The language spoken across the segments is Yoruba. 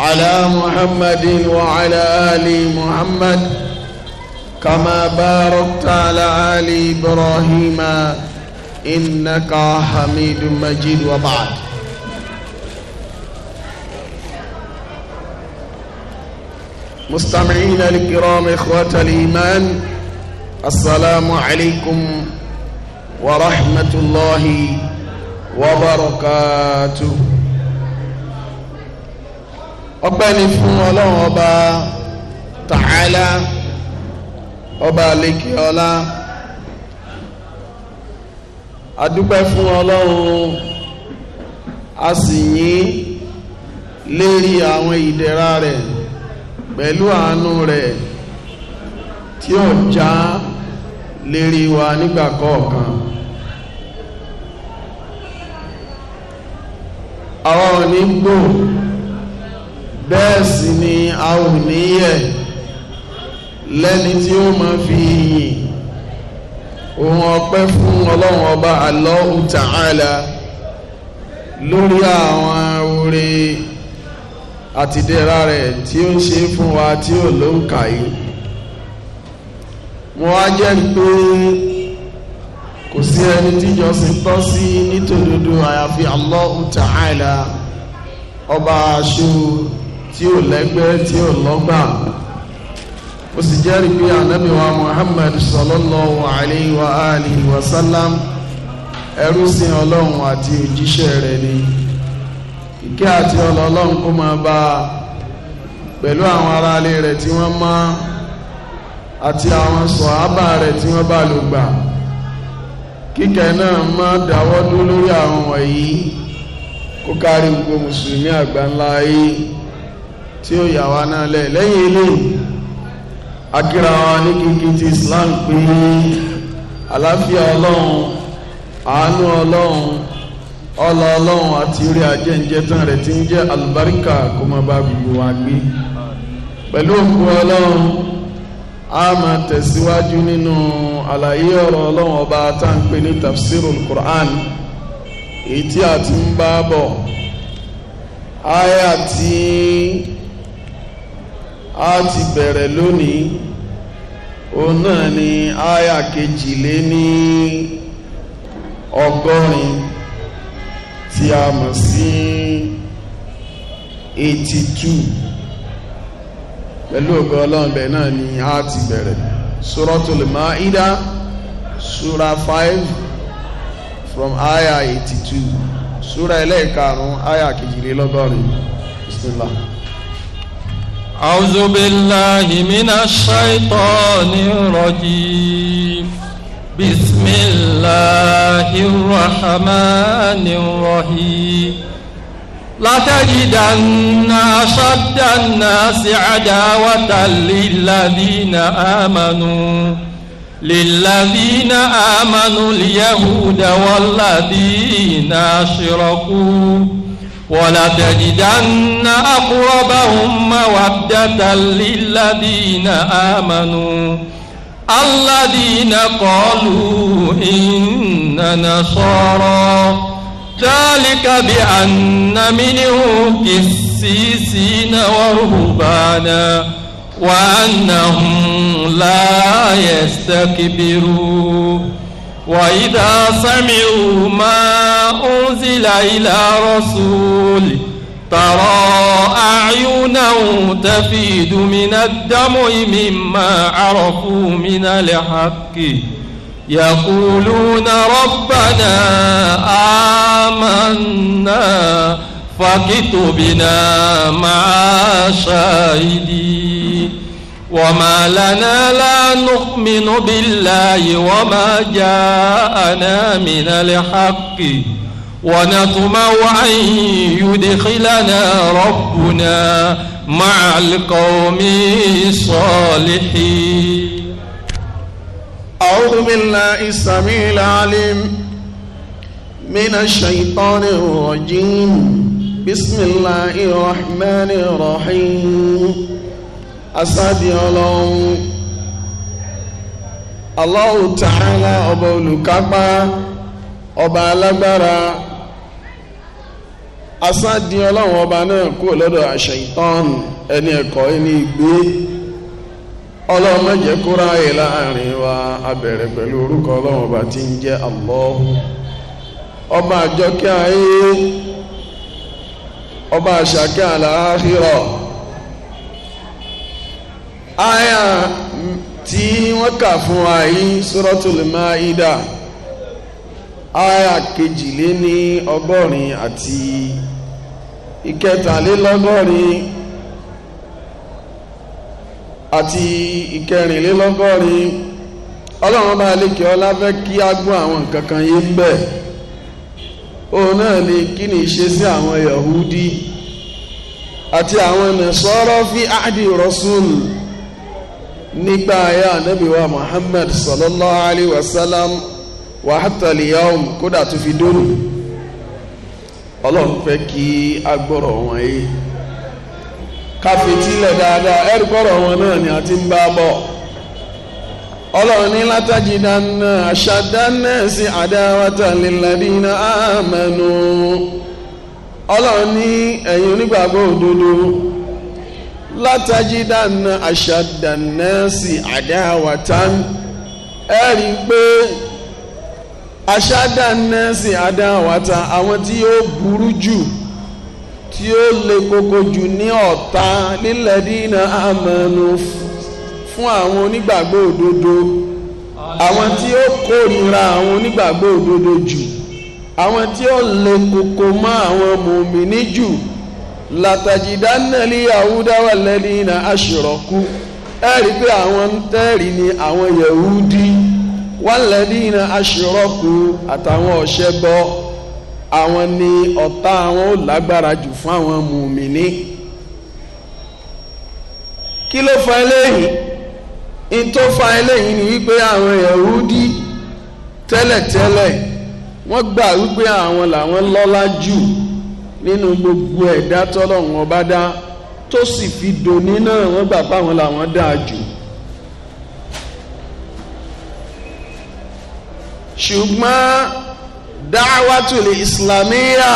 على محمد وعلى آل محمد كما باركت على آل إبراهيم إنك حميد مجيد وبعد مستمعين الكرام إخوة الإيمان السلام عليكم ورحمة الله وبركاته ọpẹ́ ni fún ọlọ́run ọba tààlà ọba lẹ́kì ọlá adúpẹ́ fún ọlọ́run a sì yìn lérí àwọn ìdẹ̀ra rẹ̀ pẹ̀lú àánú rẹ̀ tí ó lérí wa nígbà kọ̀ọ̀kan àwọn ò ní gbòó bẹ́ẹ̀ sì ni a ò níyẹ̀ lẹ́ni tí ó máa fi yìn ohun ọpẹ́ fún ọlọ́run ọba Allahu Ta'ala lórí àwọn oore àtìdẹ́ra rẹ̀ tí ó ṣe fún wa tí ò ló ń kà yìí mo wá jẹ́rìí pé kò sí ẹni tíjọsìn tọ́ sí nítòdodo àyàfi Allahu Ta'ala ọba aṣọ tí ó lẹ́gbẹ́ tí ó lọ́gbà ó sì jẹ́rìí pé ànábì wa Muhammad sallallahu alayhi wa alihi wa sallam ẹrú sí ọlọ́run àti òjíṣẹ́ rẹ̀ ni ìkẹ́ àti ọlọ́run kó máa bá a pẹ̀lú àwọn aráalé rẹ̀ tí wọ́n mọ́ àti àwọn sọ̀hábà rẹ̀ tí wọ́n bá lò gbà kíkẹ́ náà má dáwọ́ dúró lórí àwọn wọ̀nyí kó kárí gbogbo mùsùlùmí àgbáńlá yìí. tí ó yà wá náà lẹ̀ lẹ́yìn ilé akíra wa ní kíkí ti Islam pé àlàáfíà ọlọ́run àánú ọlọ́run ọlọ ọlọ́run àti orí ajẹ́njẹ́ tán rẹ̀ ti ń jẹ́ àlùbáríkà kó máa bá gbogbo wa gbé pẹ̀lú òkú ọlọ́run a máa tẹ̀síwájú nínú àlàyé ọ̀rọ̀ ọlọ́run ọba tá à ń pè ní tafsirul Qur'an èyí tí a ti ń bá bọ̀ aya tí a ti bẹ̀rẹ̀ lónìí òun náà ni aya kejì lé ní ọgọ́rin tí a mọ̀ sí eighty two pẹ̀lú ògbọ́ ọlọ́ọ̀bẹ náà ni a ti bẹ̀rẹ̀ Suratul Maida sura five from aya eighty two sura ẹlẹ́ẹ̀karùn-ún aya kejìlélọ́gọ́rin bismillah. أعوذ بالله من الشيطان الرجيم بسم الله الرحمن الرحيم لتجدن أشد الناس عداوة للذين آمنوا للذين آمنوا اليهود والذين أشركوا ولتجدن أقربهم مودة للذين آمنوا الذين قالوا إن نصارى ذلك بأن منهم قسيسين ورهبانا وأنهم لا يستكبرون وإذا سمعوا ما أنزل إلى رسول ترى أعينه تفيد من الدمع مما عرفوا من الحق يقولون ربنا آمنا فكتبنا مع شاهدين وما لنا لا نؤمن بالله وما جاءنا من الحق ونطمع أن يدخلنا ربنا مع القوم الصالحين أعوذ بالله السميع العليم من الشيطان الرجيم بسم الله الرحمن الرحيم asáàdì ọlọ́run Allahu Ta'ala ọba olukapa ọba alágbára asáàdì ọlọ́run ọba náà lọdọ lọ́dọ̀ àṣẹyìntàn ẹni ẹ̀kọ́ ẹni ìgbé ọlọ́run má jẹ́ kó ráàyè láàrin wa abẹ̀rẹ̀ pẹ̀lú orúkọ ọlọ́run ọba tí ń jẹ́ Allahu ọba àjọkẹ́ ayé ọba àṣàkẹ́ àlàáhírọ̀. àyà mm, tí wọ́n kà fún wa yìí Suratul Maida àyà kejìléní ọgọ́rin àti ìkẹtàlélọ́gọ́rin àti ìkẹrìnlélọ́gọ́rin ọlọ́run bá lékè ọlá fẹ́ kí á gbọ́ àwọn nǹkan kan yé ń òun náà ni kí ni ṣe sí àwọn Yahudi àti àwọn Nasara fi áàdì rọ́sùlù nígbà ayé ànábì wa Muhammad sallallahu alayhi wa sallam wa hatta liyawm kódà tó fi dóni ọlọ́run fẹ́ kí agbọ́rọ̀ wọn yé káfetílẹ̀ dáadáa ẹ̀rù gbọ́rọ̀ wọn náà ni a ti ń bá bọ̀ ọlọ́run ní látàjìdáná àṣàdáná sí àdáwátà lilladina amanu ọlọ́run ní ẹ̀yin onígbàgbọ́ òdodo látàjídàna àṣàdànàsì àdáwàtán ẹ rí i pé àṣàdànàsì àdáwàtán àwọn tí yóò burú jù tí ó le koko jù ní ọ̀tá lílẹ̀ dínà àmọ́nù fún àwọn onígbàgbọ́ òdodo àwọn tí ó kórìíra àwọn onígbàgbọ́ òdodo jù àwọn tí ó le koko mọ́ àwọn mòmìnì jù làtàjìdánà li yahuda wà lẹ́ni na aṣèrọ̀kú ẹ̀rí pé àwọn ń tẹ́rì ni àwọn yahudi wà lẹ́ni na aṣèrọ̀kú àtàwọn ọ̀ṣẹ́bọ àwọn ni ọ̀tá àwọn ò lágbára jù fún àwọn mùmíní kí ló fa eléyìí in tó fa eléyìí ni wípé àwọn yahudi tẹ́lẹ̀tẹ́lẹ̀ wọ́n gbà wípé àwọn làwọn lọ́lá jù nínú gbogbo ẹ̀dá tọ́lọ́run ọba dá tó sì fi dòní náà wọ́n gbà báwọn làwọn dáa jù. ṣùgbọ́n dáwàtò lè islamiyya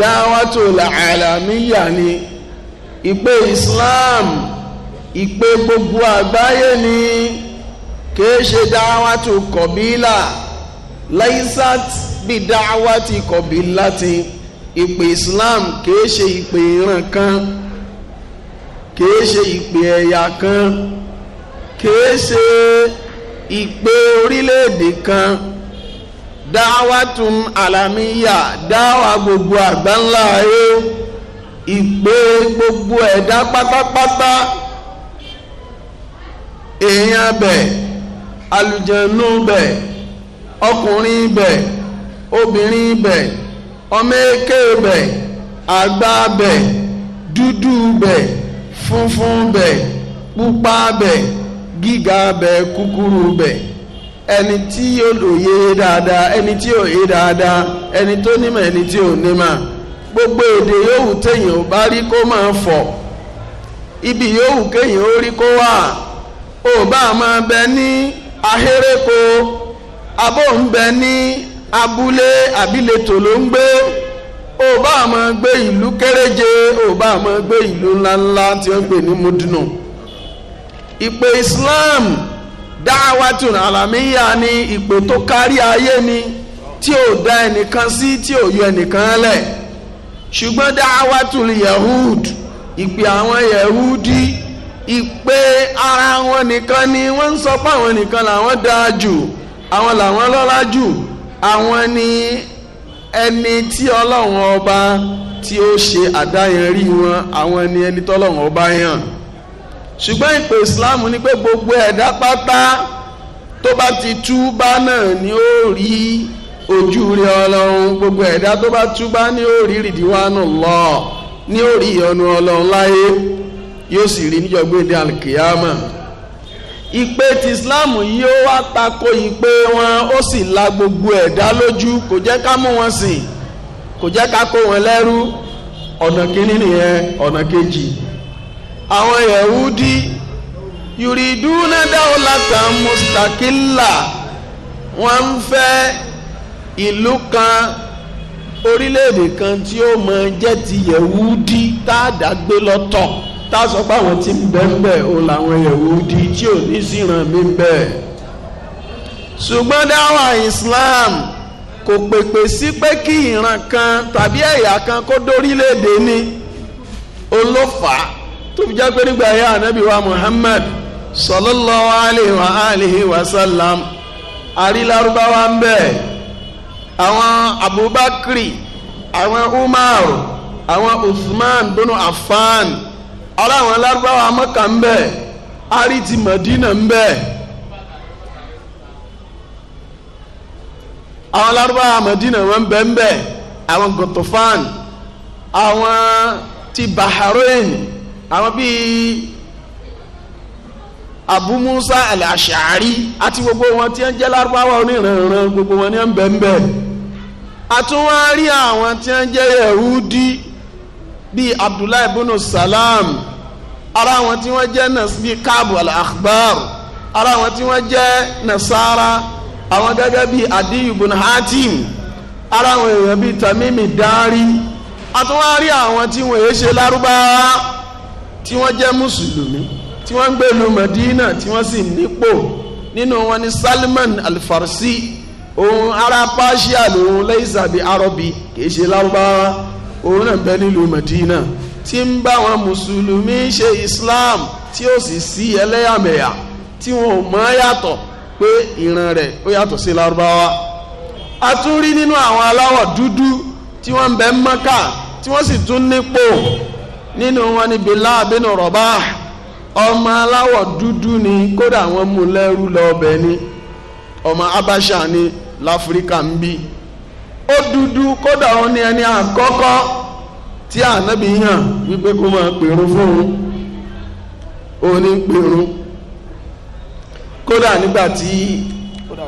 dáwàtò lè alamiyya ni ìpè islam ìpè gbogbo àgbáyé ni kìí ṣe dáwàtò kọ̀bílà laisat bí dáwàtì kọ̀bílà ti. Kobila, ìpè Islam kìí ṣe ìpè ìran kan kìí ṣe ìpè ẹ̀yà kan kìí ṣe ìpè orílẹ̀-èdè kan dáwàtún alamiya dáwà gbogbo àgbáńlá ayé ìpè gbogbo ẹ̀dá pátápátá èèyàn bẹ̀ alùjẹ̀nú bẹ̀ ọkùnrin bẹ̀ obìnrin bẹ̀ ọmọ eke bẹ Agba bẹ Dudu bẹ funfun bẹ pupa bẹ Giga bẹ Kukuru bẹ ẹni tí yóò lòye dáadáa ẹni tí yóò yé dáadáa ẹni tó nímọ̀ ẹni tí gbogbo èdè yòówù téèyàn ò bá rí kó máa ibi yòówù kéèyàn ó rí kó wà ma bá máa bẹ ní ahéreko abó ń bẹ ní abúlé àbíletò ló ń gbé ó bá àmọ́ gbé ìlú kéréje ó bá àmọ́ gbé ìlú ńláńlá tí wọ́n pè ní mudinu ìpè Islam dáwàtún alamiya ni ìpè tó kárí ayé ni tí ò dá ẹnìkan sí tí ò yọ ẹnìkan lẹ̀ ṣùgbọ́n dáwàtún yehud ìpè àwọn yehudi ìpè ara wọn nìkan ni wọ́n ń sọ pé àwọn nìkan làwọn dáa jù àwọn làwọn lọ́lá jù àwọn ni ẹni tí ọlọ́run ọba tí ó ṣe àdáyẹnrí wọn àwọn ni ẹni tọ́lọ́run ọba yàn ṣùgbọ́n ìpè Islam ni pé gbogbo ẹ̀dá pátá tó bá ti túbá náà ni ó rí ojú rẹ ọlọ́run gbogbo ẹ̀dá tó bá túbá ni ó rí rìdíwánù lọ ni ó rí ìyọ́nú ọlọ́run láyé yóò sì rí níjọ́ gbé ní alikiyama ìpè tí islam yìí ó wá tako ìpè wọn ó sì la gbogbo ẹ̀dá lójú kò jẹ́ ká mú wọn sìn kò jẹ́ ká kó wọn lẹ́rú ọ̀nà kínní nìyẹn ọ̀nà kejì àwọn yahudi yuriduna dawlatan mustaqilla wọ́n ń fẹ́ ìlú kan orílẹ̀-èdè kan tí ó máa jẹ́ ti yahudi tá a dá lọ́tọ̀ tá a sọ pé àwọn tí ń bẹ ń bẹ òun làwọn Yẹhudi tí ò ní síran mi bẹ́ẹ̀ ṣùgbọ́n dáwà Islam kò pèpè sí pé kí ìran kan tàbí ẹ̀yà kan kó dórílẹ̀-èdè ni olófà tó fi jẹ́ pé nígbà yá ànábì wa Muhammad sallallahu alayhi wa alihi wa sallam àrílárúbáwá ń bẹ àwọn Abubakar àwọn Umar àwọn Usman bunu Affan ara àwọn alárúbáwá mọ́kà ń bẹ ari ti mọ̀dínà ń bẹ àwọn alárúbáwá mọ̀dínà wọn ń bẹ ń bẹ àwọn gọ̀tọ̀fán àwọn ti bahrain àwọn bíi abu musa al-ashari àti gbogbo wọn tí ń jẹ́ lárúbáwá oníranran gbogbo wọn ni ń bẹ ń bẹ àtúwárí àwọn tí ń jẹ́ yẹ̀húdí bíi abdullahi ibn salam ara wọn tí wọ́n jẹ́ bíi káàbù al-akhbar ara wọn tí wọ́n jẹ́ nasara àwọn gẹ́gẹ́ bíi adiyu bun hatim ara wọn èèyàn bíi tamimi dari àtúwárí àwọn tí wọ́n èé ṣe lárúbáwá tí wọ́n jẹ́ mùsùlùmí tí wọ́n ń gbé ìlú Madina tí wọ́n sì nípò nínú wọn ni Salman al òun ará Persia lòun laysa bi arabi kì í ṣe lárúbáwá òun náà bẹ nílùú Madina tí ń bá wọn mùsùlùmí ṣe islam tí ó sì sí ẹlẹ́yàmẹ̀yà tí wọn ò mọ̀ yàtọ̀ pé ìran rẹ̀ ó yàtọ̀ sí lárúbáwá a tún rí nínú àwọn aláwọ̀ dúdú tí wọ́n ń bẹ mọ́kà tí wọ́n sì tún nípò nínú wọn ni Bilal bin Rabah ọmọ aláwọ̀ dúdú ni kódà wọ́n mú lẹ́rú lọ́ọ̀bẹ ni ọmọ Abaṣa ni láfíríkà ń bí ó dúdú kódà wọn ni ẹni àkọ́kọ́ tí ànábì yàn wípé kó máa pèrún fóun ó ní pèrún kódà nígbà tí kódà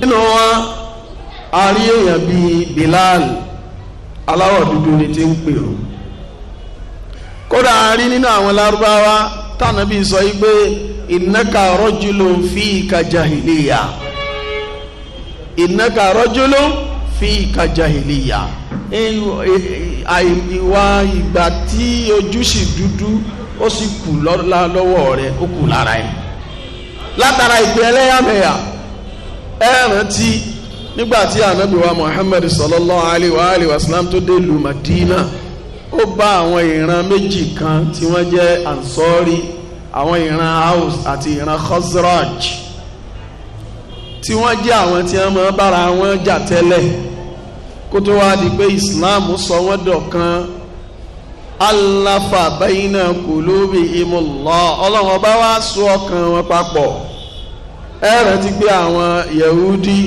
nínú wọn a rí èèyàn bíi Bilal aláwọ̀ dúdú ni ti ń pèrún kódà a rí nínú àwọn lárúbáwá tànàbí sọ yìí pé ìnáka rọ́jùlò fi ìka jahiliya innaka rajulun fika jahiliya àìwá ìgbà tí ojú sì dúdú ó sì kù lọ́wọ́ rẹ̀ ó kù lára ẹ̀ látara ìpè ẹlẹ́yàmẹ̀yà ẹ rántí nígbàtí ànábìwá Muhammad sallallahu alayhi wa alayhi wa sallam tó dé lu Madina ó bá àwọn ìran méjì kan tí wọ́n jẹ́ ansori àwọn ìran Aus àti ìran Khazraj tí wọ́n jẹ́ àwọn tí wọ́n máa bára wọn jà tẹ́lẹ̀ kó tó wá di pé Islam sọ wọ́n dọ̀kan alafa bayina kulubi imulọ Ọlọ́run ọba wa so ọkàn wọn papọ̀ ẹ rántí pé àwọn Yahudi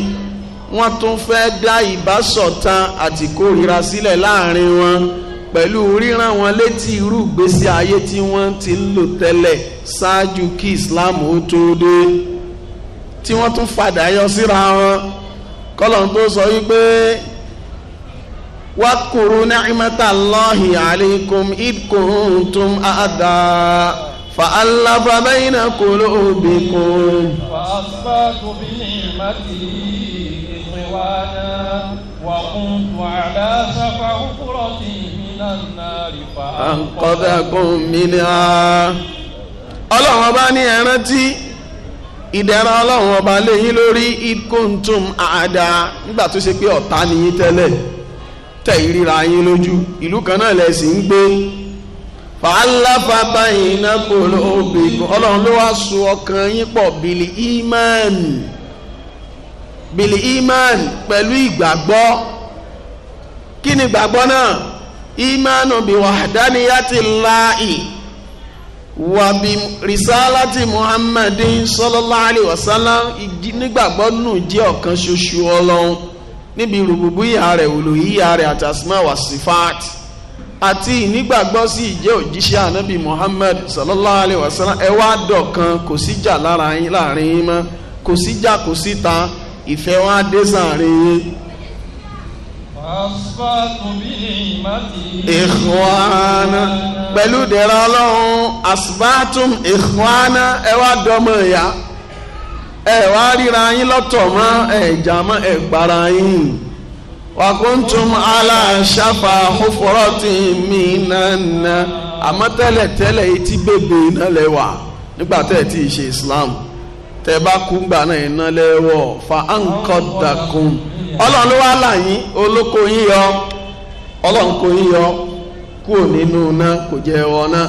wọ́n tún fẹ́ dá ìbásọ̀tàn àti kórìíra sílẹ̀ láàrin wọn pẹ̀lú ríran wọn létí irú ìgbésí ayé tí wọ́n ti ń lò tẹ́lẹ̀ ṣáájú kí Islam ó tó dé tí wọ́n tún padà yọ síra wọn kọ́lọ́n tó sọ wípé wá kúrú ni'mata Allahi alaykum id kuntum àdá fa'alafa bayna qulubikum. fa'asbaqu bi ni'matihi ikhwana. وكنت على شفا حفرة من النار فأنقذكم منها ọlọ́run ọba ní ẹ rántí ìdẹ̀ra ọlọ́run ọba léyìn lórí ikuntum àdá nígbà tó ṣe pé ọ̀tá nìyí tẹ́lẹ̀ tẹ̀ ìríra yín lójú ìlú kan náà si ń gbé fàálàfà báyìí iná kòló obì ọlọ́run ló wá so ọkàn yín pọ̀ bìlì bìlì pẹ̀lú ìgbàgbọ́ kí ni ìgbàgbọ́ náà bí wàbí risalati muhammadin sallallahu alayhi wa sallam nígbàgbọ́ nù jẹ́ ọ̀kan ṣoṣo ọlọ́run níbi rùbùbíyà rẹ̀ olùyíyà rẹ̀ àtàsímà wà sífàt àti ìnígbàgbọ́ sí ìjẹ́ òjíṣẹ́ ànábì muhammad sallallahu alayhi wa sallam ẹ wá dọ̀kan kò sí jà láàrin yín mọ́ kò sí kò síta ìfẹ́ wọn á dé sàárín yín ìhùwàna pẹ̀lú dẹ̀ra ọlọ́run asbatum ìhùwàna ẹ wá dọ́mọ ìyá ẹ wá ríra yín lọ́tọ̀ mọ́ ẹ̀jà mọ́ ẹ̀gbára yín wàkúntùm aláṣàfà hófòrọ́tì mí nànà àmọ́ tẹ́lẹ̀ tẹ́lẹ̀ etí bèbè náà lẹ́wà nígbà tẹ́ẹ̀ tí ì ṣe Islam. tẹ bá gbà náà iná lẹ́wọ̀ fa ankọ́dàkùn ọlọ́run ló wá là olóko yín yọ ọlọ́run kò yín yọ kúrò nínú iná kò jẹ́ ẹ̀wọ̀ náà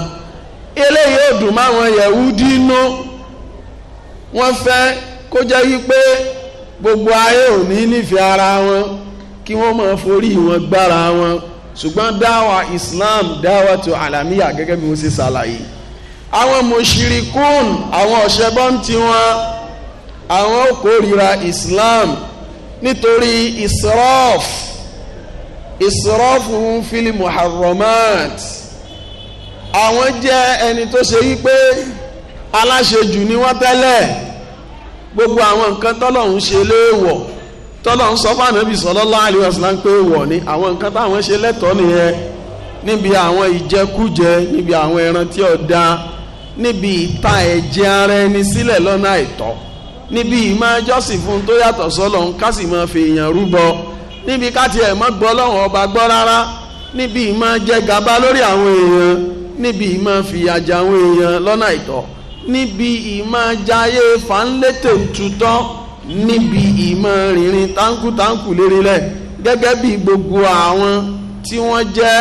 eléyìí ò dùn wọ́n fẹ́ kó jẹ́ wípé gbogbo ayé ò ní nífẹ̀ẹ́ ara wọn kí wọ́n máa forí wọn gbára wọn ṣùgbọ́n dáwà Islam dáwà tó gẹ́gẹ́ bí mo ṣe ṣàlàyé àwọn mùṣírikùn àwọn ọ̀ṣẹ́bọ́n tí wọ́n àwọn ó kórìíra Islam nítorí israf israf ń fili muharramat àwọn jẹ́ ẹni tó ṣe wípé aláṣejù ni wọ́n tẹ́lẹ̀ gbogbo àwọn nǹkan tọ́lọ́hún ṣe léèwọ̀ tọ́lọ́hún sọ fún ànábì sallallahu alaihi wasallam pé wọ̀ ni àwọn nǹkan táwọn ṣe lẹ́tọ̀ọ́ nìyẹn níbi àwọn ìjẹkújẹ níbi àwọn ẹran tí ó dáa níbi ìta ẹ̀jẹ̀ ara ẹni sílẹ̀ lọ́nà àìtọ́ níbi ìmọ̀ jọ́sìn fún tó yàtọ̀ sọ́lọ̀ ń kásì máa fi èèyàn rúbọ níbi káti ẹ̀ mọ́ gbọ́ lọ́wọ́n ọba gbọ́ rárá níbi ìmọ̀ jẹ gàba lórí àwọn èèyàn níbi ìmọ̀ fìyàjà àwọn èèyàn lọ́nà àìtọ́ níbi ìmọ̀ jayé fanlétè tutọ́ níbi ìmọ̀ rìnrìn táǹkùtáǹkù lérílẹ̀ gẹ́gẹ́ bí gbogbo àwọn tí wọ́n jẹ́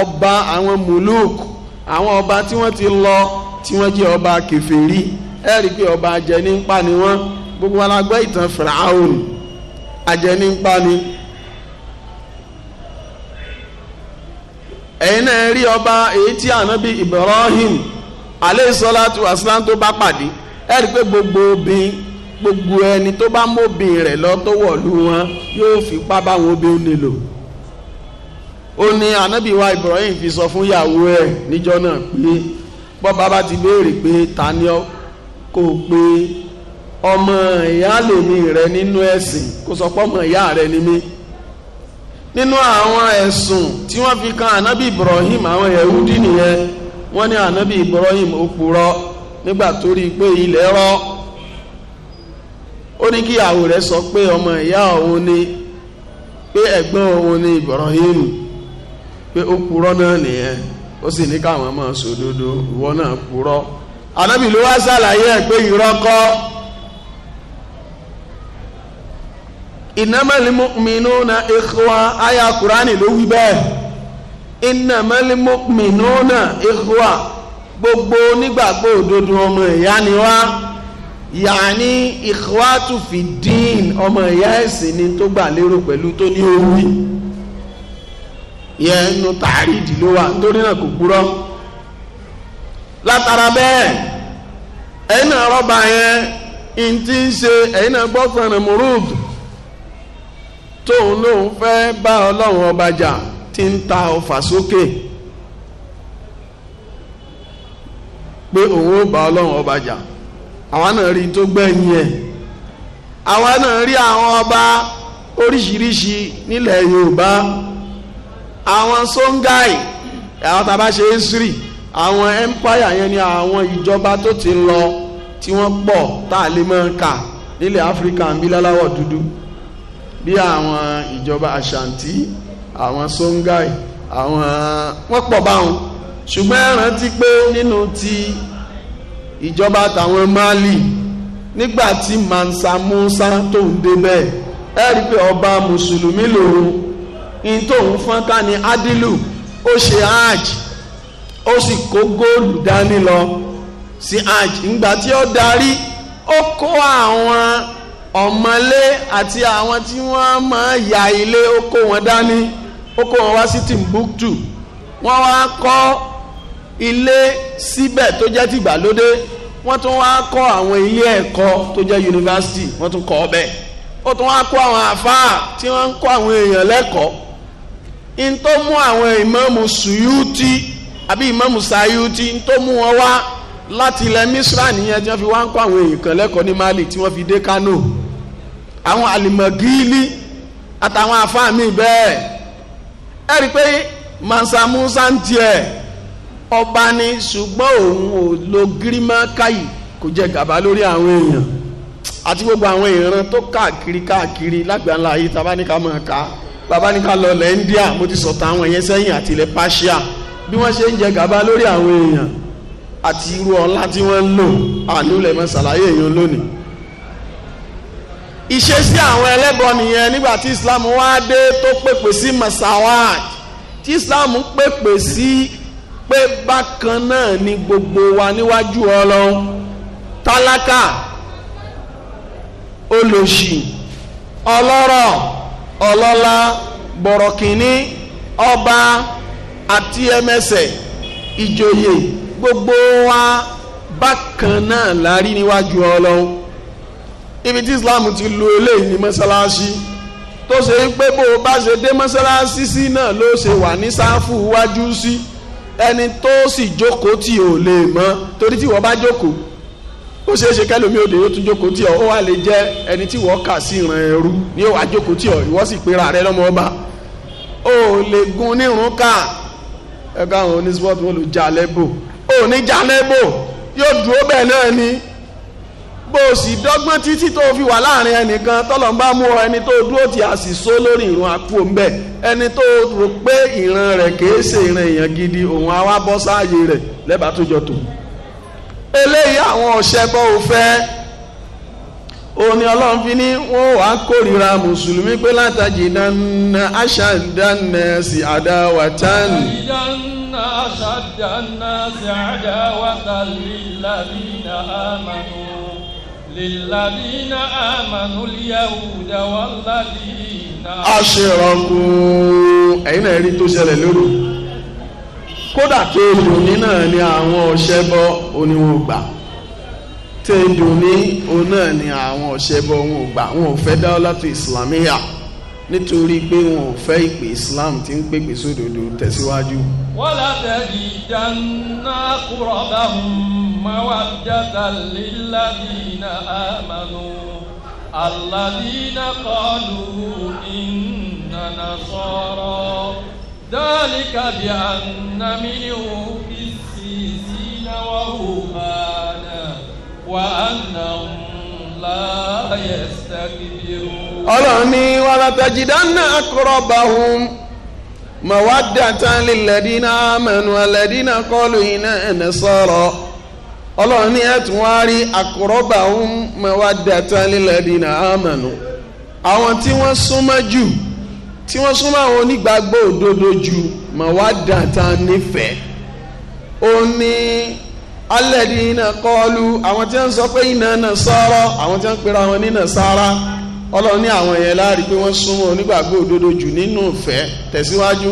ọba àwọn mùlúùkù àwọn ọba tí wọ́n ti lọ tí wọ́n jẹ́ ọba kèfèrí ẹ rí i pé ọba ajẹnipa ni wọ́n gbogbo wa la gbọ́ ìtàn fìràhùn ajẹnipa ni. ẹ̀yin náà rí ọba èyí tí ànábì Ibrahim aleyhisalatu wasalam tó bá pàdé ẹ rí i pé gbogbo obìnrin gbogbo ẹni tó bá mọ́bìnrin rẹ̀ lọ tó wọ̀lú wọn yóò fipá báwọn obìnrin nílò ó ní ànábì wa Ibrahim fi sọ fún ìyàwó ẹ̀ níjọ́ náà pé bọ́ba bá ti béèrè pé ta ni ọ kò pé ọmọ ìyá lèmi rẹ nínú ẹ̀sìn kó sọ pé ọmọ ìyá rẹ ni mí nínú àwọn ẹ̀sùn tí wọ́n fi kan Anabi Ibrahim àwọn Yahudi nìyẹn wọ́n ní Anabi Ibrahim ó nígbà tó rí i pé ilẹ̀ rọ́ ó ní kí ìyàwó rẹ̀ sọ pé ọmọ ìyá òun ni pé ẹ̀gbọ́n òun ni Ibrahim pé ó náà nìyẹn ó sì ní káwọn máa sòdodo ìwọ náà purọ́ ànábì ló wá ṣàlàyé ẹ̀ pé irọ́ kọ́ innamal mu'minuna ikhwa aya kùránì ló wí bẹ́ẹ̀ innamal mu'minuna ikhwa gbogbo onígbàgbọ́ òdodo ọmọ ìyá ni wá yàní ikhwatu fi dín ọmọ ìyá ẹ̀sìn ni tó gbà lérò pẹ̀lú tó ní owó yẹn nu tààrí wa nítorí náà kò látara bẹ́ẹ̀ ẹ̀yin náà rọ́bà yẹn ntí ń ṣe ẹ̀yin náà gbọ́ fẹ́ràn mùrúùdù tóun lóun fẹ́ bá ọlọ́run ọba jà ti ń ta ọfà sókè pé òun ó bá ọlọ́run ọba jà àwa náà rí tó gbẹ̀yìn ẹ̀ ọba oríṣiríṣi nílẹ̀ Yorùbá. àwọn songhai àwọn tàbá ṣe isri àwọn empire yẹn ni àwọn ìjọba tó ti lọ tí wọ́n pọ̀ tá a lè máa kà nílẹ̀ áfíríkà ń bí láláwọ̀ dúdú bí àwọn ìjọba ashanti àwọn songhai àwọn wọ́n pọ̀ báwọn ṣùgbọ́n ẹ rántí pé nínú ti ìjọba tàwọn Mali nígbà tí Mansa Musa tó ń débẹ̀ ẹ rí i pé ọba mùsùlùmí lòun in tó ń fọ́n ká ní adilu ó ṣe hajj ó sì kó góòlù dání lọ sí hajj ńgbà tí ó darí ó kó àwọn ọmọlé àti àwọn tí wọ́n máa ya ilé ó kó wọn dání ó kó wọn wá sí Timbuktu wọ́n wá kọ́ ilé síbẹ̀ tó jẹ́ tìgbàlódé wọ́n tún wá kọ́ àwọn ilé ẹ̀kọ́ tó jẹ́ yunifásitì wọ́n tún kọ́ ọ bẹ́ẹ̀ ó tún wá kọ́ àwọn àfáà tí wọ́n ń kọ́ àwọn èèyàn lẹ́kọ̀ọ́ Ntọmụ àwọn ìmáàmù Suyuti àbí ìmáàmù Sayuti in wọn wá láti ilẹ̀ Misra nìyẹn tí wọ́n fi wá ń kọ́ àwọn èèyàn kan lẹ́kọ̀ọ́ ní Mali tí wọ́n fi dé Kano àwọn alimagili àtàwọn afáàmì bẹ́ẹ̀ ẹ rí i pé Mansa Musa ń tiẹ̀ ọba ni ṣùgbọ́n òun ò lo gírímọ́káyì kò jẹ gàba lórí àwọn èèyàn àti gbogbo àwọn ìran tó káàkiri káàkiri lágbàlá yìí tabaníkà mọ̀ ká. Baba ní ká lọ lẹ̀ India mo ti sọ̀tà àwọn èèyàn sẹ́yìn àti ilẹ̀ Persia bí wọ́n ṣe ń jẹ gàba lórí àwọn èèyàn àti irú ọlá tí wọ́n ń lò àníwòlẹ̀ mọ́ ṣàlàyé èèyàn lónìí. ìṣesí àwọn ẹlẹ́bọ nìyẹn nígbà tí Islam wá dé tó pèpè sí masawaj tí Islam pèpè sí pé bákan náà ni gbogbo wa níwájú Ọlọ́run tálákà olòṣì ọlọ́rọ̀ ọlọ́lá bọ̀rọ̀kìnní ọba àti ẹmẹsẹ̀ ìjòyè gbogbo wa bákan náà lárí níwájú ọlọ́run ibi tí islam ti lu eléyìí ní mọ́sálásí tó ṣe é pé bó o bá ṣe dé mọ́sálásí sí náà ló ṣe wà ní sáfù wájú sí ẹni tó sì jókòó tí ò lè mọ̀ torí tí wọ́n bá jókòó ó ṣeé ṣe kẹlòmí òde yóò tún jókòó tí ọ ó wà lè jẹ ẹni tí wọ́n kà sí ìran ẹrú ni ó wà jókòó tí ọ ìwọ sì pera rẹ lọ́mọ ọba ó lè gun nírun ká ẹgbẹ́ àwọn oníṣòwòtí wọn lò jalẹ́bò ó ní jalẹ́bò yóò dúró bẹ́ẹ̀ náà ni bó o sì dọ́gbọ́n títí tó fi wà láàrin ẹnìkan tọ́lọ̀ ń bá mú ọ ẹni tó dúró tí a sì sọ lórí ìrun àpò ńbẹ ẹni tó rò pé ìran rẹ̀ kìí ṣe ìran èèyàn gidi òun á wá bọ́ sáàyè rẹ̀ lẹ́bàá tó jọ tòun eléyìí àwọn ọ̀ṣẹ́bọ ò fẹ́ òní ọlọ́run fi ní wọ́n wà á kórìíra mùsùlùmí pé látàjì dáná aṣàdánà sí àdáwàtán. àṣàdánà aṣàdánà sí àdáwàtán lílàbínà àmànù lílàbínà àmànù lìyàwùdà wàlàbínà. aṣèrànkù ẹ̀yin náà rí tó ṣẹlẹ̀ lóru kódà téèdùnní náà ni àwọn ọ̀ṣẹ́bọ oníwọ̀n gbà téèdùnní òun náà ni àwọn ọ̀ṣẹ́bọ wọn ò gbà wọn ò fẹ́ dáwọ́látò ìsìlámíyà nítorí pé wọn ò fẹ́ ìpè islam tí ń pèpè sódodo tẹ̀síwájú. wọ́lá tẹ̀lé ìdáná kúrọ̀dá máa jáde lílàdínà àmàlù àlàdínà kọlù ìnànà sọ̀rọ̀. ذلك بأن منهم قسيسين ورهبانا وأنهم لا يستكبرون أرني ولتجدن أقربهم مودة للذين آمنوا والذين قالوا إنا نصارى ọlọ́run ní ẹ̀tún wá rí àkùrọ́bà ọ̀hún mawaddatan lilladina amanu àwọn tí wọ́n súnmọ́ jù tí wọ́n súnmọ́ àwọn onígbàgbọ́ òdodo jù màwádà tá a nífẹ̀ẹ́ ó ní alẹ́dínà kọlu àwọn tí wọ́n sọ pé iná náà sọ́rọ́ àwọn tí wọ́n pera wọn nínà sára ọlọ́run ní àwọn yẹn láàrí pé wọ́n súnmọ́ onígbàgbọ́ òdodo jù nínú ìfẹ́ tẹ̀síwájú.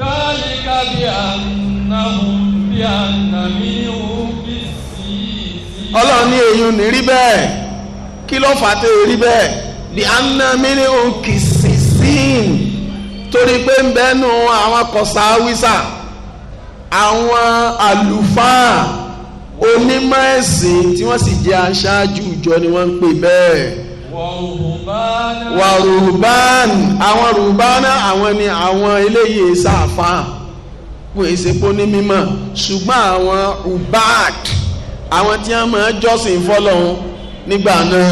dálíkà bí ànáhùn bí ànàmí òun bí sí i. ọlọ́run èyí ò ní rí bẹ́ẹ̀ kí ló fà á tẹ́ rí bẹ́ẹ̀ bí ànàmí òun kì í sí kẹsìn torí pé ń bẹ́nu àwọn kọsáwísà àwọn àlùfáà onímọ̀ ẹ̀sìn tí wọ́n sì jẹ́ aṣáájú ìjọ ni wọ́n ń pè bẹ́ẹ̀. wà rùbán àwọn rùbánà àwọn ni àwọn eléyìí sàfà wọ́n èsè pọ́ ní mímọ̀ ṣùgbọ́n àwọn rùbáàd àwọn tí wọ́n máa jọ́sìn fọ́lọ́hún nígbà náà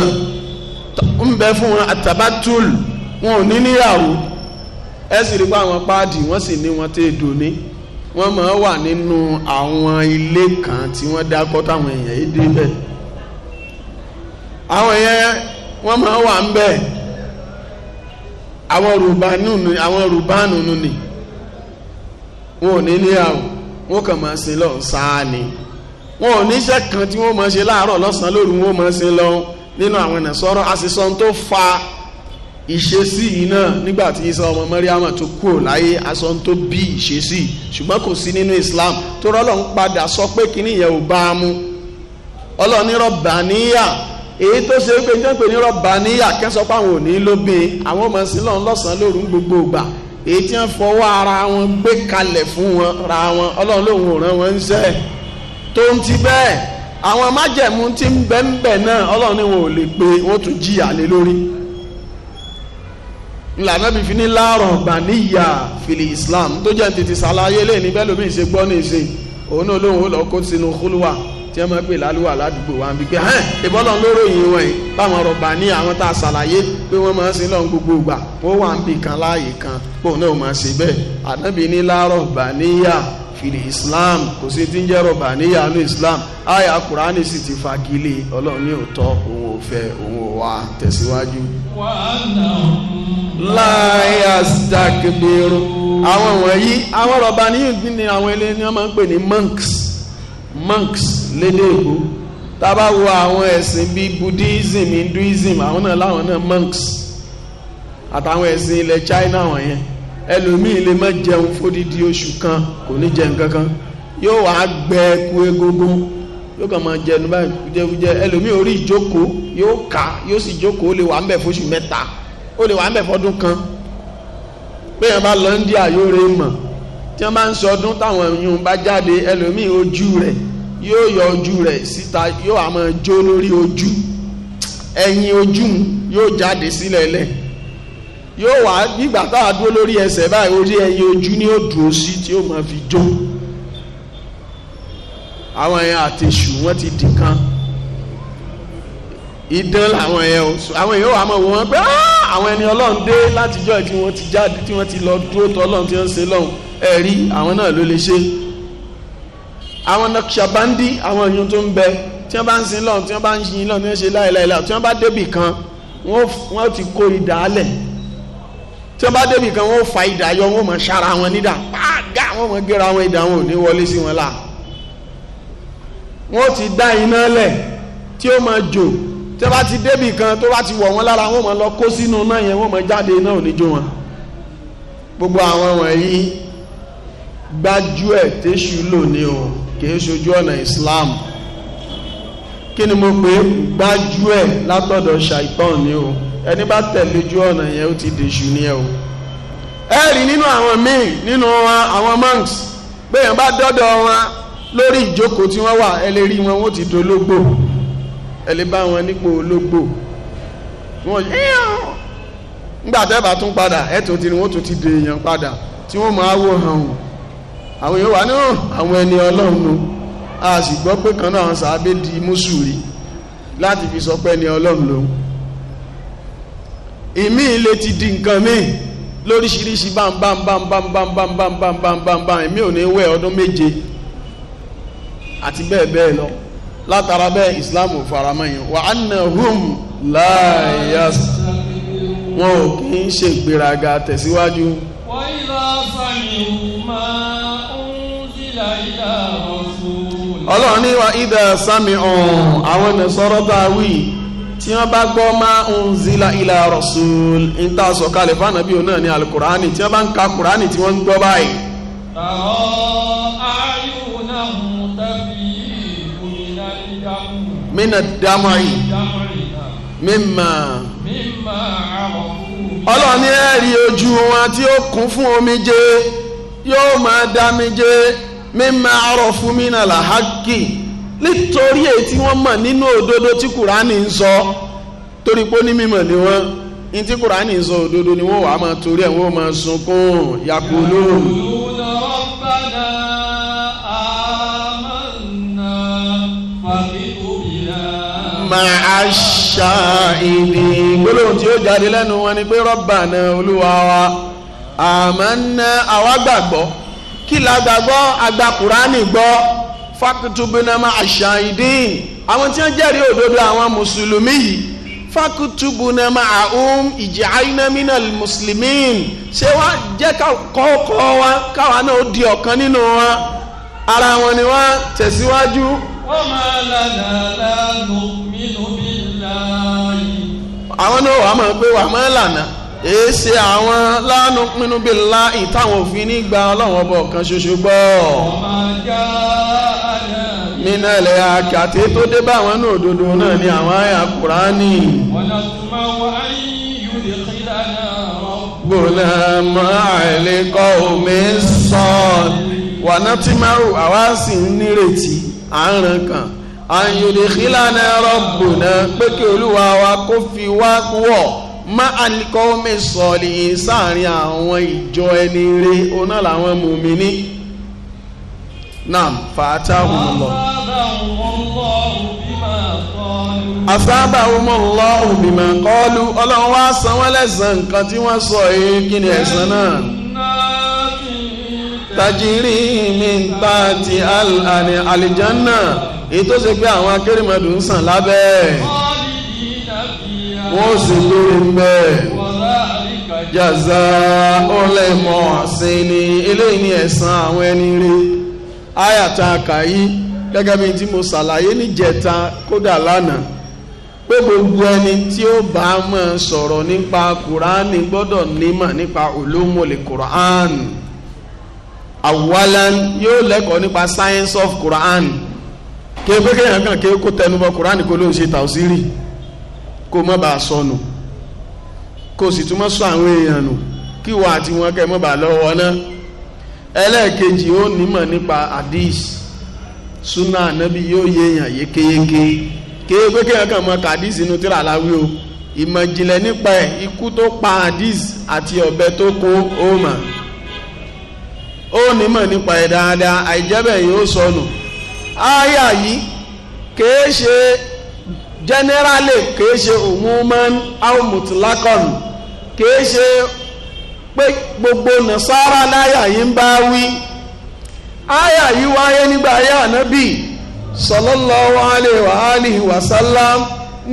ń bẹ fún àtàbátúlù. wọn ò ní níyàwó ẹ sì rí pé àwọn páàdì wọ́n sì ní wọn tẹ́ dùn ní wọ́n máa wà nínú àwọn ilé kan tí wọ́n dákọ́ táwọn èèyàn yìí bẹ́ẹ̀. àwọn yẹn wọ́n máa wà ń bẹ̀ àwọn rùbánù ni àwọn rùbánù ni wọn ò ní níyàwó wọn kàn máa sin lọ sáà ni wọn ò níṣẹ́ kan tí wọ́n máa ṣe láàárọ̀ lọ́sàn-án lóru wọn máa sin lọ nínú àwọn ẹ̀nà sọ̀rọ̀ àṣìṣọ́ tó fa ìṣesí yìí náà nígbà tí Isa ọmọ Mariam tó kúrò láyé aṣọ tó bí ìṣesí ṣùgbọ́n kò sí nínú Islam tó rọ́lọ́ ń padà sọ pé kíní yẹn ò bá a mú ọlọ́nirọ̀ bàníyà èyí tó ṣe pé jẹ́ pé nírọ̀ bàníyà kẹ́sọ́ pé àwọn ò ní lóbìn àwọn ọmọ sí lọ́n lọ́sàn-án lóru ń gbogbo ìgbà èyí tí wọ́n fọwọ́ ara wọn gbé kalẹ̀ fún wọn ra wọn ọlọ́run lòun ò rán wọn ń sẹ́ tó ń ti bẹ́ẹ̀ àwọn májẹ̀mú ti ń bẹ́ẹ̀ náà ọlọ́run ni wọn ò lè pe wọ́n tún jìyà lé lórí ìlànà bí fi ní láàrọ̀ gbà fìlì islam tó jẹ́ tètè ṣàlàyé lẹ́yìn níbẹ̀ lómi ìṣe gbọ́ ní ìṣe òun náà lóun ó lọ kó sínú kúlúwà tí wọ́n máa pè lálùwà ládùúgbò wa bí pé ẹ́ ìbọ́lọ̀ lóró yìí wọ̀nyí báwọn rọ̀bà ní àwọn tá a ṣàlàyé pé wọ́n máa ń sin lọ́n gbogbo ìgbà ó wà ń bì kan láàyè kan òun náà máa ṣe bẹ́ẹ̀ ànábì ní láàrọ̀ gbà kiri islam kò sí ti ń jẹ́ rọ̀bà níyàánú islam àyà kùránì sì ti fagilé ọlọ́run ní òótọ́ òun ò fẹ́ òun ò wá tẹ̀síwájú. láyà sàkébèrò àwọn wọ̀nyí àwọn rọ̀bà níyàánú ni àwọn eléyìí wọ́n máa ń pè ní monks monks lédè èbó tá a bá wo àwọn ẹ̀sìn bíi buddhism hinduism àwọn náà láwọn náà monks àtàwọn ẹ̀sìn ilẹ̀ china wọ̀nyẹn ẹlòmíì lè má jẹun fódìdí oṣù kan kò ní jẹ nǹkan kan yóò wá gbẹ ku egungun yóò kàn máa jẹnu báyìí kújẹkújẹ ẹlòmíì orí ìjókòó yóò kà yóò sì jókòó ó lè wà ń bẹ̀ fóṣù mẹ́ta ó lè wà ń bẹ̀ fọ́dún kan bẹ́ẹ̀ bá lọ ń di àyóore mọ̀ tí wọ́n bá ń sọ ọdún táwọn èèyàn bá jáde ẹlòmíì ojú rẹ̀ yóò yọ ojú rẹ̀ síta yóò àmọ́ jó lórí ojú ẹ̀yìn ojú yóò jáde sílẹ̀ lẹ́ẹ̀ yóò wá nígbà táwa dúró lórí ẹsẹ̀ báyìí orí ẹyin ojú ni ó dúró sí tí ó máa fi jó àwọn yẹn àtẹ̀sù wọn ti dì kan idán làwọn yẹn o àwọn yẹn ó wà mọ̀ wọ́n pé àwọn ẹni ọlọ́run dé látijọ́ tí wọ́n ti jáde tí wọ́n ti lọ dúró tọ́ ọlọ́run tí wọ́n ṣe lọ́hùn ẹ̀rí àwọn náà ló lè ṣe àwọn nàkṣàbándí àwọn èèyàn tó ń bẹ tí wọ́n bá ń sin lọ́hùn tí wọ́n bá ń yin lọ́hùn tí wọ́n ṣe láìláìláì tí wọ́n bá débì kan wọ́n ti kó idà á lẹ̀ tí wọ́n bá débi kan wọ́n fa idà yọ wọ́n mọ̀ sára wọn nídà pàgà wọ́n mọ̀ gẹ́ra wọn idà wọn ò ní wọlé sí wọn la wọ́n ti dá iná lẹ̀ tí ó máa jò tí wọ́n bá ti débi kan tó bá ti wọ̀ wọ́n lára wọ́n mọ̀ lọ kó sínú náà yẹn wọ́n mọ̀ jáde iná ò ní jó wọn gbogbo àwọn wọ̀nyí gbájú ẹ̀ téṣù lò o kìí ṣojú ọ̀nà Islam kí ni mo pè é gbájú ẹ̀ látọ̀dọ̀ ṣàìtàn ní o ẹni bá tẹ̀lé ojú ọ̀nà yẹn ó ti dèṣù ní ẹ o ẹ rí nínú àwọn míì nínú wọn àwọn monks bẹ́ẹ̀ bá dọ́dọ̀ wọn lórí ìjókòó tí wọ́n wà ẹ lè rí wọn wọ́n ti dológbò ẹ lè bá wọn nípò ológbò wọn yíyan nígbà tẹ́ bá tún padà ẹ tó ti rí wọn tó ti dè èèyàn padà tí wọ́n máa wò hàn o àwọn èèyàn wà ní àwọn ẹni ọlọ́run nu a sì gbọ́ pé kan náà sàábé di mùsùlùmí láti fi sọ pé ẹni ọlọ́run lòun ìmí ilé ti di nǹkan míì lóríṣiríṣi bámbámbámbámbámbámbámbámbámbámbá ìmí ò ní wẹ̀ ọdún méje àti bẹ́ẹ̀ bẹ́ẹ̀ lọ látara bẹ́ẹ̀ islam ò faramọ́ yìí wa annahum la yas wọn ò kì í ṣe ìgbéraga tẹ̀síwájú. wọ́n yìí lọ́sàn-án máa ń sílẹ̀ ìlà ọ̀sùn. ọlọ́run ní wa ìdá sami ọ̀hún àwọn ẹ̀sọ́rọ́ tá tí wọ́n bá gbọ́ máa ń zila ilà rasul ń tà sọ kalẹ̀ fún anabi òun náà ní alukurani tí wọ́n bá ń ka kurani tí wọ́n ń gbọ́ báyìí. mina damari mimma ọlọ́run ní ẹ̀rí ojú wọn tí ó kún fún omijé yóò máa dá omijé mimma arọ̀ fún mi nà làhákì nítorí èyí tí wọ́n mọ̀ nínú òdodo tí kùránì ń sọ torí pé ó ní mímọ̀ ni wọ́n ní tí kùránì ń sọ òdodo ni wọ́n wàá máa torí ẹ̀ wọ́n máa sunkún yakulu. máa ṣá gbólóhùn tí ó jáde lẹ́nu wọn ni pé Rabbana olúwa wa àmọ́ ná àwa gbàgbọ́ kí la gbàgbọ́ àgbà kùránì gbọ́ fakutubunama aṣáìdín àwọn tí wọ́n jẹ́rìí òdodo àwọn mùsùlùmí yìí fakutubunama ahum ìjà ainamina muslimin ṣé wá jẹ́ kọ́kọ́ wa káwa náà ó di ọ̀kan nínú wa ara wọn ni wọ́n tẹ̀síwájú. ọmọ alàlà lánàá mi nù bí láàyè. àwọn náà wàá mọ̀ pé wàá mọ̀ lànà èéṣe àwọn lánú pinnu bíi láì táwọn òfin ní gba ọlọ́run ọba ọ̀kan ṣoṣo gbọ́. nínú ilẹ̀ àkàtì tó dé bá àwọn náà òdodo náà ni àwọn àyà kúránì. bùnà máa lè kọ́ sọ wà tí máa àwa sì ń nírètí àárín kan àyùdìkílà náà rọ̀bùnà pé kí olúwa wa kó fi wá wọ̀ má alikọ́mi sọ̀lì sáàrin àwọn ìjọ ẹni rẹ̀ ọ̀nà làwọn mùmíní naam fàtàhùmùlọ. asábàhùmùlọ́hù bímọ kọ́lu ọlọ́run wá san wọ́n lẹ́sàn nǹkan tí wọ́n sọ yìí kí ni ẹ̀san náà. tajiri mi ń ta ti alìjánná èyí tó ṣe pé àwọn akérèmọdù ń sàn lábẹ́ ẹ̀. wọ́n sì lórí mẹ́ẹ̀ jàzá ọlẹ́mọ àsìn ni eléyìí gẹ́gẹ́ bí tí mo ṣàlàyé níjẹta kódà lánàá pé gbogbo ẹni tí ó bá mọ̀ sọ̀rọ̀ nípa kùránì gbọ́dọ̀ nímọ̀ nípa ulumul Qur'an awalan yóò lẹ́kọ̀ọ́ nípa science kó má bàa sọnù kó sì tún má sọ àwọn èèyàn nù kí wọ́n àti wọn kẹ́ má bàa lọ́wọ́ náà ẹlẹ́ẹ̀kejì ó nímọ̀ nípa hadith súnà ànábì yóò yéèyàn yékéyéké kéé pé kéèyàn kàn mọ hadith inú tíra aláwí o ìmọ̀ nípa ẹ̀ ikú tó pa hadith àti ọ̀bẹ tó kó ó mọ̀ ó nímọ̀ nípa ẹ̀ dáadáa àìjẹ́bẹ̀ yóò sọnù ááyà yìí kéé ṣe generally kìí ṣe umuman aw mutlaqan kìí ṣe pé gbogbo nasara láyà yìí ń bá wí áyà yìí wáyé nígbà ayé ànábì sallallahu alayhi wa alihi wa sallam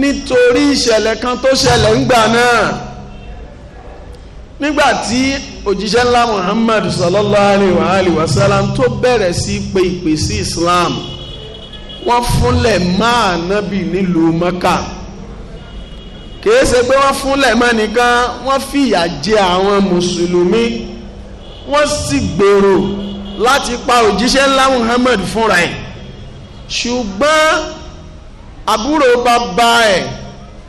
nítorí ìṣẹ̀lẹ̀ kan tó ṣẹlẹ̀ ńgbà náà nígbà tí òjíṣẹ́ ńlá muhammad sallallahu alayhi wa alihi wa tó bẹ̀rẹ̀ sí pé ìpè sí islam wọ́n fúnlẹ̀ máa nábì nílùú mọ́kà kìí ṣe pé wọ́n fúnlẹ̀ mọ́ nìkan wọ́n fìyà jẹ àwọn mùsùlùmí wọ́n sì gbèrò láti pa òjíṣẹ́ ńlá Muhammad fúnra ẹ̀ ṣùgbọ́n àbúrò bàbá ẹ̀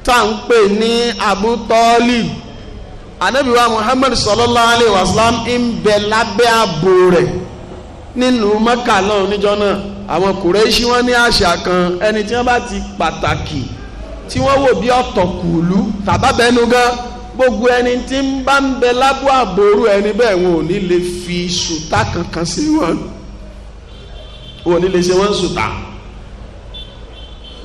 tá à ń pè ní Abu Talib anabiwa Muhammad sallallahu alayhi wa sallam ń bẹ lábẹ́ ààbò rẹ̀ nínú mọ́kà náà níjọ́ náà àwọn kùrẹ́ṣí wọn ní àṣà kan ẹni tí wọ́n bá ti pàtàkì tí wọ́n wò bí ọ̀tọ̀kùlú tàbábẹ́nu gan gbogbo ẹni tí ń bá ń bẹ lábọ́ àbòrú ẹni bẹ́ẹ̀ wọn ò ní lè fi sùtá kankan sí wọn wọn ò ní lè ṣe wọn sùtá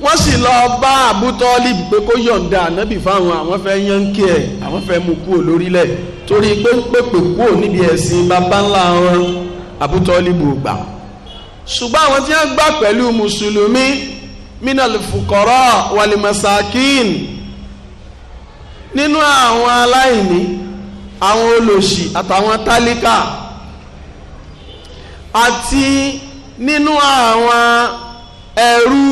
wọ́n sì lọ bá àbútọ́ọ́lì pé kó yọ̀ǹda ànábì fáwọn àwọn fẹ́ yánkì ẹ̀ àwọn fẹ́ mú kúrò lórílẹ̀ torí pé ń pèpè kúrò níbi ẹ̀sìn baba àbútọ́ọ́lì bò ṣùgbọ́n àwọn tí wọ́n gbà pẹ̀lú mùsùlùmí minal fukọrọ walimasakin nínú àwọn aláìní àwọn olòṣì àtàwọn tálíkà àti nínú àwọn ẹrú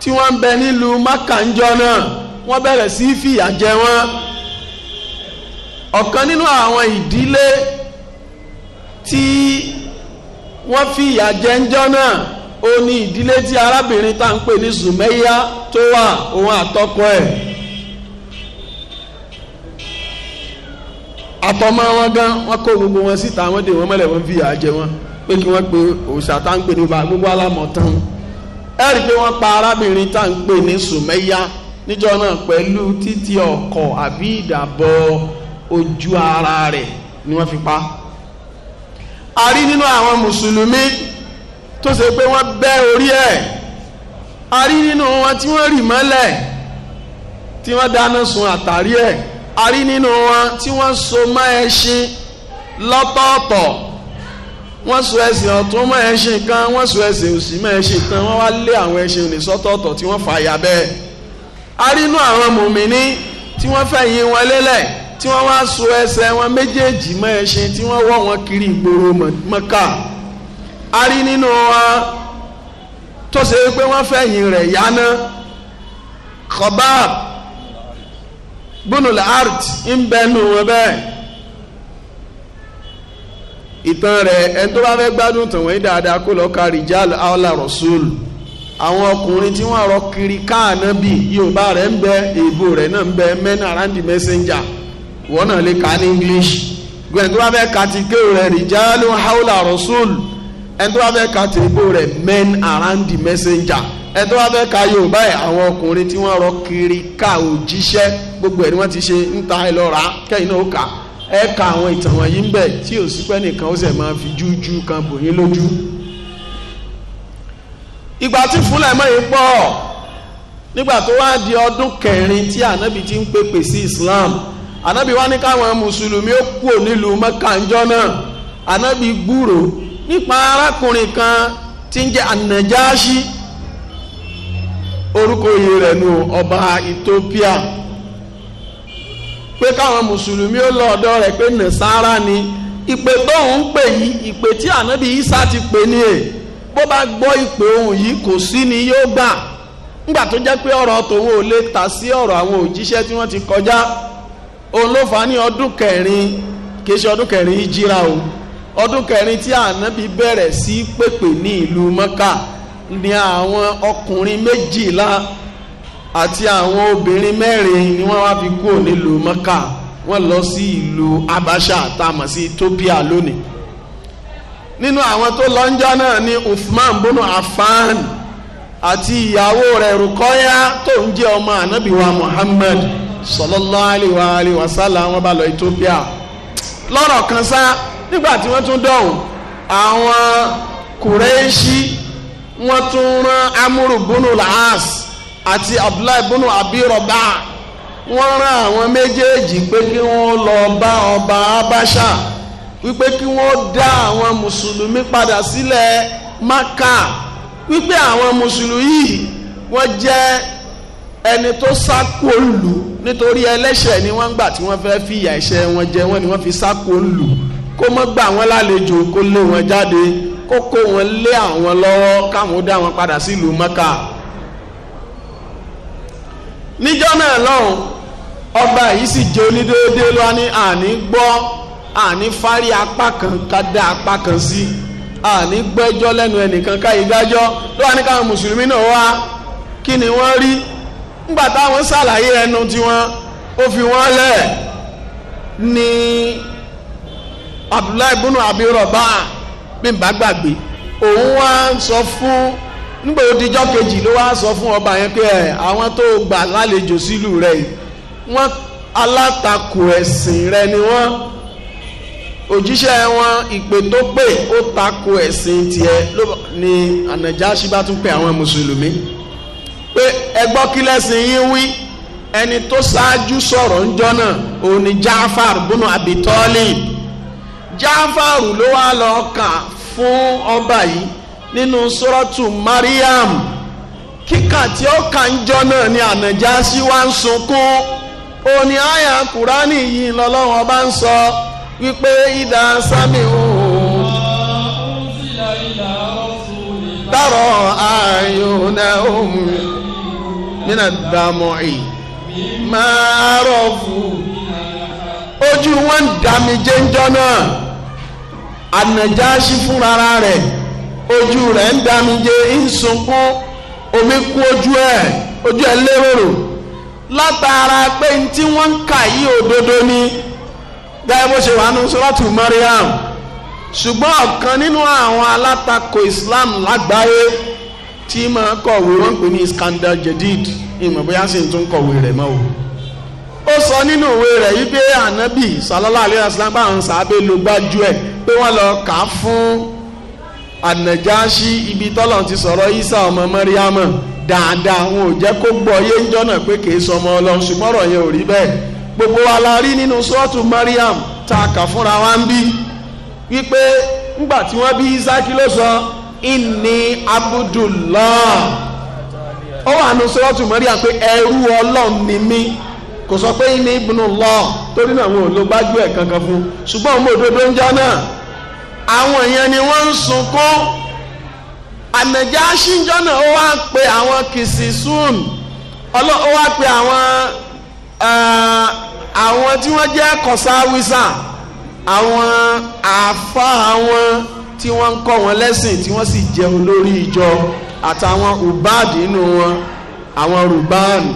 tí wọ́n ń bẹ nílùú mákànjọ́ náà wọ́n bẹ̀rẹ̀ sí fìyà jẹ wọ́n ọ̀kan nínú àwọn ìdílé tí wọ́n fi ìyà jẹ ń jọ́ náà ó ní ìdílé tí arábìnrin tá à ń pè ní Sùmẹ́yà tó wà òun àtọkọ ẹ̀ àtọmọ wọn gan wọ́n kó gbogbo wọn síta wọ́n dè wọ́n mọ́lẹ̀ wọ́n fi ìyà jẹ wọn pé kí wọ́n pe òòṣà tá à ń pè ní bá gbogbo alámọ̀ ẹ rí i pé wọ́n pa arábìnrin tá à ń pè ní Sùmẹ́yà níjọ́ náà pẹ̀lú títí ọkọ̀ àbí ìdàbọ̀ ojú ara rẹ̀ ni wọ́n fi pa á a rí nínú àwọn mùsùlùmí tó ṣe pé wọ́n bẹ́ orí ẹ̀ a rí nínú wọn tí wọ́n rì mọ́lẹ̀ tí wọ́n dáná sun àtàrí ẹ̀ a rí nínú wọn tí wọ́n so mọ́ ẹṣin lọ́tọ̀ọ̀tọ̀ wọ́n so ẹṣin ọ̀tún mọ́ ẹṣin kan wọ́n so ẹṣin òsì mọ́ ẹṣin kan wọ́n wá lé àwọn ẹṣin òní sọ́tọ̀ọ̀tọ̀ tí wọ́n fà yà bẹ́ẹ̀ a rí nínú àwọn mùmíní tí wọ́n fẹ̀yìn wọn lélẹ̀ tí wọ́n wá so ẹsẹ̀ wọn méjèèjì mọ́ ẹṣin tí wọ́n wọ́ wọn kiri ìgboro mọ́ká a rí nínú wa tó ṣe pé wọ́n fẹ̀yìn rẹ̀ yáná Khabab bunul art ń bẹnu wọn bẹ́ẹ̀ ìtàn rẹ̀ ẹni tó bá fẹ́ gbádùn tàn wọ́n dáadáa kó lọ́ọ́ ka rijal aula rasul àwọn ọkùnrin tí wọ́n rọ kiri káànábì Yorùbá rẹ̀ ń bẹ èèbò rẹ̀ náà ń bẹ men around the messenger wọ́n náà lè kà ní English gbẹ̀rẹ̀ tó bá fẹ́ ka ti kéwò rẹ̀ rìjálù haúlà rasul ẹni tó bá fẹ́ ka ti kéwò rẹ̀ men around the messenger ẹni tó bá fẹ́ ka Yorùbá ẹ̀ àwọn ọkùnrin tí wọ́n rọ kiri ká òjíṣẹ́ gbogbo ẹ̀ ni wọ́n ti ṣe ń ta ẹ lọ́ra kẹ́yìn náà ó kà ẹ ka àwọn ìtàn wọ̀nyí ń bẹ̀ tí ò sí pẹ́ nìkan ó sì máa fi jújú kan bò yín lójú. ìgbà tí fúnlẹ̀ mọ́ yìí pọ̀ nígbà tó wá di ọdún kẹrin tí ànábì ti ń pèpè sí Islam anabi wa ní káwọn mùsùlùmí ó kúrò nílùú mẹ́kà ńjọ́ náà anabi gbúrò nípa arákùnrin kan tí ń jẹ́ anajáṣí orúkọ yìí rẹ̀ nù ọba Ethiopia pé káwọn mùsùlùmí ó lọ ọ̀dọ̀ rẹ̀ pé nàṣàrà ni ìpè tóun ń pè yìí ìpè tí anabi Isa ti pè ní è bó bá gbọ́ ìpè ohun yìí kò sí ni yóò gbà ńgbà tó jẹ́ pé ọ̀rọ̀ tòun ò lè tà sí ọ̀rọ̀ àwọn òjíṣẹ́ tí wọ́n ti kọjá òun ló fà á ní ọdún kẹrin kìí ṣe ọdún kẹrin ìjírà o ọdún kẹrin tí ànábì bẹ̀rẹ̀ sí pèpè ní ìlú mọ́kà ni àwọn ọkùnrin méjìlá àti àwọn obìnrin mẹ́rin ni wọ́n wá fi kúrò nílùú mọ́kà wọ́n lọ sí ìlú abasha tá a mọ̀ sí ethiopia lónìí nínú àwọn tó lọ́njọ́ náà ni uthman bono afan àti ìyàwó rẹ̀ rukoya tó ń jẹ́ ọmọ ànábì muhammad. sallallahu alaihi wa alihi wa sallam wọ́n bá lọ Ethiopia lọ́rọ̀ kan sá nígbà tí wọ́n tún dọ̀hùn àwọn Kùrẹ́ṣí wọ́n tún rán Amúrù búnú làás àti Abdullahi búnú abirọ̀bá wọ́n rán àwọn méjèèjì pé kí wọ́n lọ bá ọba Abáṣà wípé kí wọ́n dá àwọn mùsùlùmí padà sílẹ̀ Mákà wípé àwọn mùsùlùmí wọ́n jẹ́ ẹni tó sáko lù nítorí ẹlẹ́ṣẹ̀ ni wọ́n ń gbà tí wọ́n fẹ́ fi ìyà ẹ̀ṣẹ̀ wọn jẹ wọ́n ni wọ́n fi sáko lù kó mọ́ gbà wọ́n lálejò kó lé wọn jáde kó kó wọn lé àwọn lọ́wọ́ káwọn dá wọn padà sílùú Mẹ́kà. níjọ́ náà lọ́hùn ọba yìí sì jẹ́ onídéédé ló wá ní àní gbọ́ àní fárí apá kan ká dá apá kan sí àní gbẹ́jọ́ lẹ́nu ẹnìkan káyé gbájọ́ ló wá ní káwọn mùsùlùmí náà wá kí ni wọ́n rí ńgbà táwọn ṣàlàyé ẹnu tiwọn ó fi wọ́n lẹ̀ ní Abdullahi bunu abi rọba bí n bá gbàgbé òun wá ń sọ fún nígbà òdìjọ́ kejì ló wá sọ fún ọba yẹn pé ẹ àwọn tó gbà lálejò sílùú rẹ yìí wọ́n alátakò ẹ̀sìn rẹ ni wọ́n òjíṣẹ́ wọn ìpè tó pè ó takò ẹ̀sìn tiẹ̀ ni ànàjà ṣíbá tún àwọn mùsùlùmí. pé ẹgbọ́ kí lẹ́sìn yín wí ẹni tó ṣáájú sọ̀rọ̀ ńjọ́ náà òun ni Jaafar bùnú Abi Talib Jaafar ló wá lọ kà fún ọba yìí nínú sọ́rọ́tù Mariam kíkà tí ó kà ńjọ́ náà ni ànàjásí wá ń sunkún òní àyà Kùránì yìí lọ́lọ́wọ́n bá ń sọ wípé ìdá sami òun dárọ̀ àyùnà òun. nínà dàmọ́ì máa rọ̀ fún ojú wọn dàmí jẹ́ńjọ́ náà ànàjáṣí fúnra rẹ̀ ojú rẹ̀ ń dàmíje ń sunkún omi kú ojú ẹ̀ ojú ẹ̀ lérò látara pé tí wọ́n ń kà yí òdodo ni gẹ́gẹ́ bó ṣe wà nínú sọ́látù Mariam ṣùgbọ́n ọ̀kan nínú àwọn alátakò Islam lágbàáyé. tí máa kọ̀wé wọ́n pè ní Iskandar Jedid ìmọ̀ bóyá sì ń tún kọ̀wé o ó sọ nínú ìwé rẹ̀ yìí pé ànábì sallallahu alayhi wa bá ń lọ kà á fún ànàjáṣí ibi tọ́lọ̀ ti sọ̀rọ̀ Isa ọmọ dáadáa wọn ò jẹ́ kó gbọ́ yé ń jọ́nà pé kì í sọmọ ọlọ́run gbogbo wa la rí Mariam ta a fúnra wa ń bí wípé ńgbà tí wọ́n bí Isa inni abudullah ó wà nù sọ́rọ́tù mọ́ríà pé ẹrú ọlọ́run ni mí kò sọ pé inni ibnullah torí náà àwọn òòlù gbájú ẹ̀ kankan fún ṣùgbọ́n òun òdodo ń jẹ́ náà àwọn èèyàn ni wọ́n ń sunkún ànàjà ṣíńjọ́ náà ó wá pe àwọn kìsìsún ó wá pe àwọn eh, àwọn tí wọ́n jẹ́ kọ̀sáwísà àwọn àfa àwọn tí wọ́n ń kọ́ wọn lẹ́sìn tí wọ́n sì jẹun lórí ìjọ àtàwọn ubáàdì nínú wọn àwọn rubáànù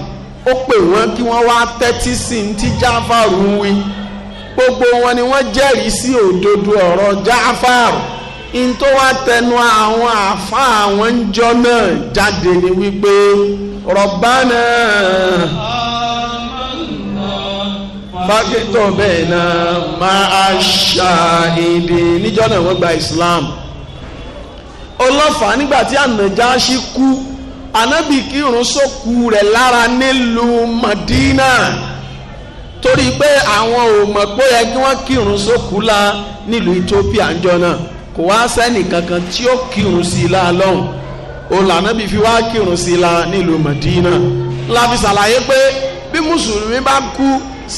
ó pè wọ́n kí wọ́n wá tẹ́tí sí ní tí jáfàrù ń wí gbogbo wọn ni wọ́n jẹ́rìí sí òdodo ọ̀rọ̀ jáfàrù in tó wá tẹnu àwọn àáfàá àwọn ń jọ náà jáde ni wípé rọ̀bánà mákítọ̀ bẹ́ẹ̀ náà máa ṣà èdè níjọ́ náà wọ́n gba Islam ọlọ́fàá nígbà tí ànàjáṣí kú ànábì kírun sókù rẹ̀ lára nílùú Madina torí pé àwọn ò mọ̀ pé yẹ kí wọ́n kírun sókù la nílùú Ethiopia ńjọ́ náà kò wá sẹ́nì kankan tí ó kírun sí i la lọ́hùn olànàbì fi wá kírun sí i la nílùú Madina láfi ṣàlàyé pé bí mùsùlùmí bá kú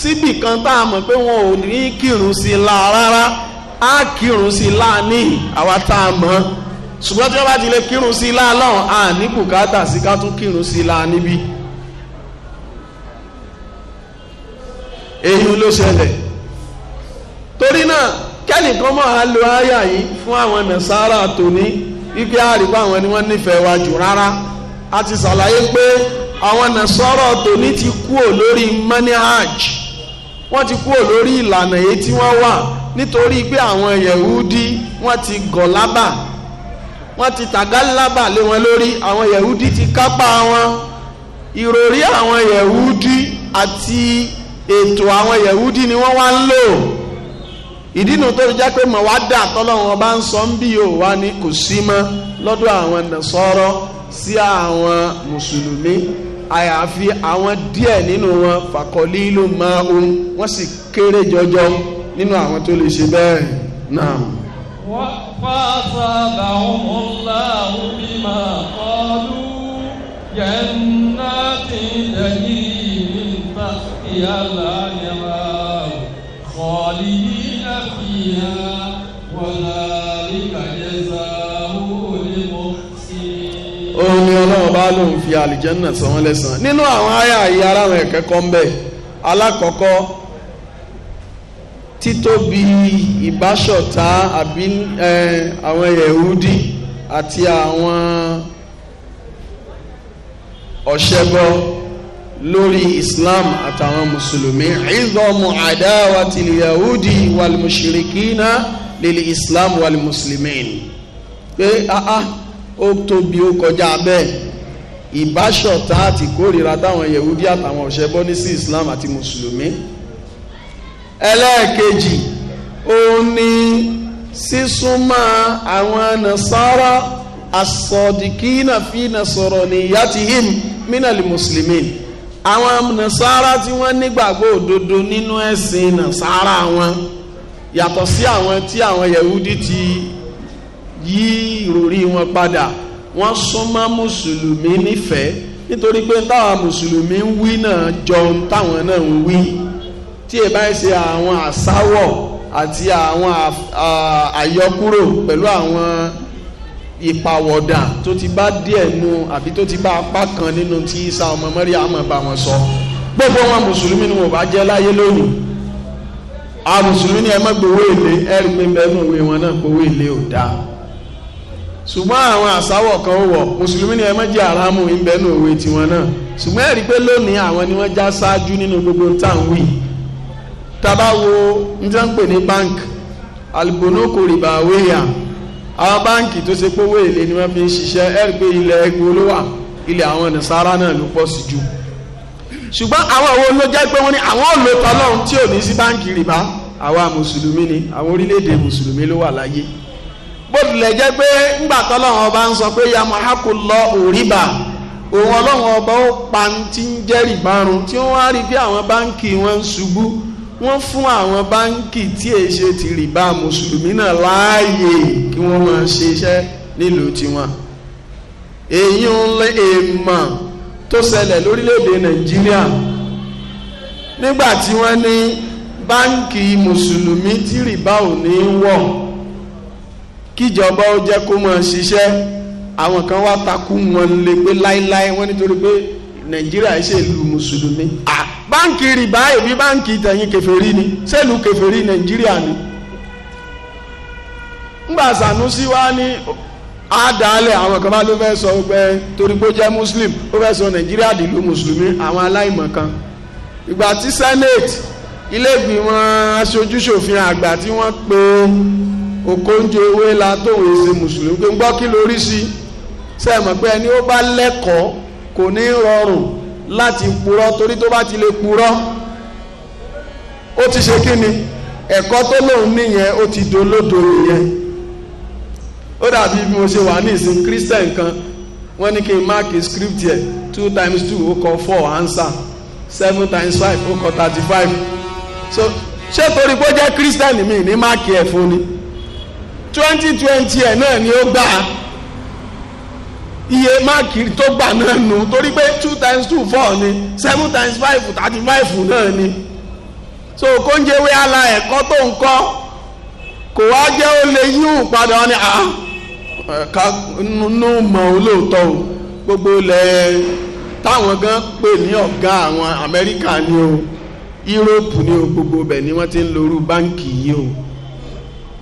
síbì kan tá a mọ̀ pé wọn ò ní kírun sí i la rárá á kírun sí i la ní àwa tá a mọ̀ ṣùgbọ́n tí wọ́n bá ti lè kírun sí i la lọ́hùn á ní bùkátà sí ká tún kírun sí i la níbí. èyí ló ṣẹlẹ̀ torí náà kẹ́nìkan máa lo àyà yìí fún àwọn nàṣàrà tòní ibi àríwá àwọn ni wọ́n nífẹ̀ẹ́ wa jù rárá a ti ṣàlàyé pé àwọn nàṣàrà tòní ti kúò lórí manihaj wọ́n ti kúrò lórí ìlànà èyí tí wọ́n wà nítorí pé àwọn yẹ̀húdí wọ́n ti gọ̀ lábà wọ́n ti tàgá lábà lé wọn lórí àwọn yẹ̀húdí ti kápá wọn ìròrí àwọn yẹ̀húdí àti ètò àwọn yẹ̀húdí ni wọ́n wá ń lò ìdínú tó jẹ́ pé mọ̀ wá dà tọ́lọ́wọ́n bá ń sọ ń bí yóò wá ní kò sí mọ́ lọ́dọ̀ àwọn nàṣọ́rọ́ sí àwọn mùsùlùmí àyàfi àwọn díẹ̀ nínú wọn fàkọ̀lí ìlú máa ń wọ́n sì kéré jọjọ nínú àwọn tó lè ṣe bẹ́ẹ̀ náà. wọ́n fàtà làwọn ọ̀la omi máa kọlu yẹnna ti dẹ̀yí níta ìyàlá yẹra kọ̀lí ìyàfìyà wọ́n lálẹ́ kàyà. ọlọ́run bá lòun fi àlìjẹ́nà san wọ́n lẹ́sàn-án nínú àwọn àyà yìí aráwọn ẹ̀kẹ́kọ́ ń bẹ̀ alákọ̀ọ́kọ́ títóbi ìbáṣọ̀tá àbí àwọn yẹ̀húdí àti àwọn ọ̀ṣẹ́bọ lórí islam àtàwọn mùsùlùmí ìzọmù àdáwà tìlì yahudi wàlmùsìrìkínà lílì islam wàlmùsùlùmí pé ah ah ó tóbi ó kọjá bẹ́ẹ̀ ìbáṣọ̀tá àti kórìíra táwọn yehudi àtàwọn ọ̀ṣẹ́bọ ní sí islam àti mùsùlùmí ẹlẹ́ẹ̀kejì òun ni sísúnmọ́ àwọn nasara asọ̀dìkínà fi nasọ̀rọ̀ nìyàtìhìm mínàlì mùsùlùmí àwọn nasara tí wọ́n nígbàgbọ́ òdodo nínú ẹ̀sìn nasara wọn yàtọ̀ sí àwọn tí àwọn yehudi ti yí ìròrí wọn padà wọ́n súnmọ́ mùsùlùmí nífẹ̀ẹ́ nítorí pé táwọn mùsùlùmí ń wí náà jọ táwọn náà ń wí tí ẹ bá ń ṣe àwọn àsáwọ̀ àti àwọn àyọkúrò pẹ̀lú àwọn ìpàwọ̀dà tó ti bá díẹ̀ nu àbí tó ti bá apá kan nínú tí Isa ọmọ Màríámọ̀ bá wọn sọ gbogbo wọn mùsùlùmí ni wọn bá jẹ́ láyé lónìí àwọn mùsùlùmí ni ẹ má gbowó èlé ẹ rí pé bẹ́ẹ̀ nù ìwé wọn náà gbowó èlé ò dáa. ṣùgbọ́n àwọn àsáwọ̀ kan wọ̀ mùsùlùmí ni ẹ má jẹ́ òwe tiwọn náà ṣùgbọ́n ẹ̀rí pé lónìí àwọn ni wọ́n já ṣáájú nínú gbogbo táwọn tábà wo ní tí wọ́n ń pè ní bank alìbónókò rìbá wéyà àwọn báǹkì tó ṣe pé owó èlé ni wọ́n fi ń ṣiṣẹ́ ẹ̀rí pé ilẹ̀ ẹgbẹ́ ló ilẹ̀ àwọn nasara náà ló pọ̀ sí jù ṣùgbọ́n àwọn owó ló jẹ́ pé wọ́n ni bọdụlẹ tilẹ̀ jẹ́ pé ọba ń sọ pé ya muhakullahu riba òun ọlọ́run ọba ó pa ti ń jẹ́rìí márùn tí wọ́n á rí bí àwọn báńkì wọn ń ṣubú wọ́n fún àwọn báńkì tí èyí ṣe ti rìbá mùsùlùmí náà láàyè kí wọ́n máa ṣe iṣẹ́ nílùú tiwọn èyí ń lé èèmọ̀ tó ṣẹlẹ̀ lórílẹ̀‐èdè nàìjíríà nígbà tí wọ́n ní báńkì mùsùlùmí tí kíjọba ó jẹ́ kó máa ṣiṣẹ́ àwọn kan wá takú wọn lé pé láíláí wọ́n nítorí pé nàìjíríà ṣe ìlú mùsùlùmí. báńkì rìbá èbí báńkì tẹ̀yìn kẹfẹ́rí ni sẹ́lù kẹfẹ́rí nàìjíríà ni. ńgbà Sànúsí wá ní àádáálẹ̀ àwọn kan bá ló fẹ́ sọ pé torí pé ó jẹ́ muslim ó fẹ́ sọ nàìjíríà di ìlú mùsùlùmí àwọn aláìmọ̀ kan. ìgbà tí senate ilé ìgbìmọ̀ aṣojúṣòfin àgbà tí wọ́n pe òkóńjẹ owó la tóun èsì mùsùlùmí pé ń gbọ́ kí lórí sí sẹ́ẹ̀mọ̀ pé ẹni ó bá lẹ́kọ̀ọ́ kò ní rọrùn láti purọ́ torí tó bá ti lè purọ́ ó ti ṣe kí ni ẹ̀kọ́ tó lóun nìyẹn ó ti dolódo nìyẹn ó dàbí bí mo ṣe wà ní ìsìn christian kan wọ́n ní kí n máàkì script yẹ two times two ó kọ four answer seven times five ó kọ thirty five so ṣé torí pé ó jẹ́ christian mi ní máàkì ẹ̀ fún ni twenty twenty ẹ̀ náà ni ó gbà iye máàkì tó gbà náà nù torí pé two times two four ni seven times five thirty five náà ni so kóńjẹ wí ala ẹ̀kọ́ tó ń kọ́ kò wá jẹ́ ó lè yíwù padà ni à ká nínú mọ̀ ó lóòótọ́ o gbogbo ilẹ̀ táwọn gan pè ní ọ̀gá àwọn Amẹ́ríkà ni o Yúróòpù ni o gbogbo ibẹ̀ ni wọ́n ti ń lo irú báǹkì yìí o.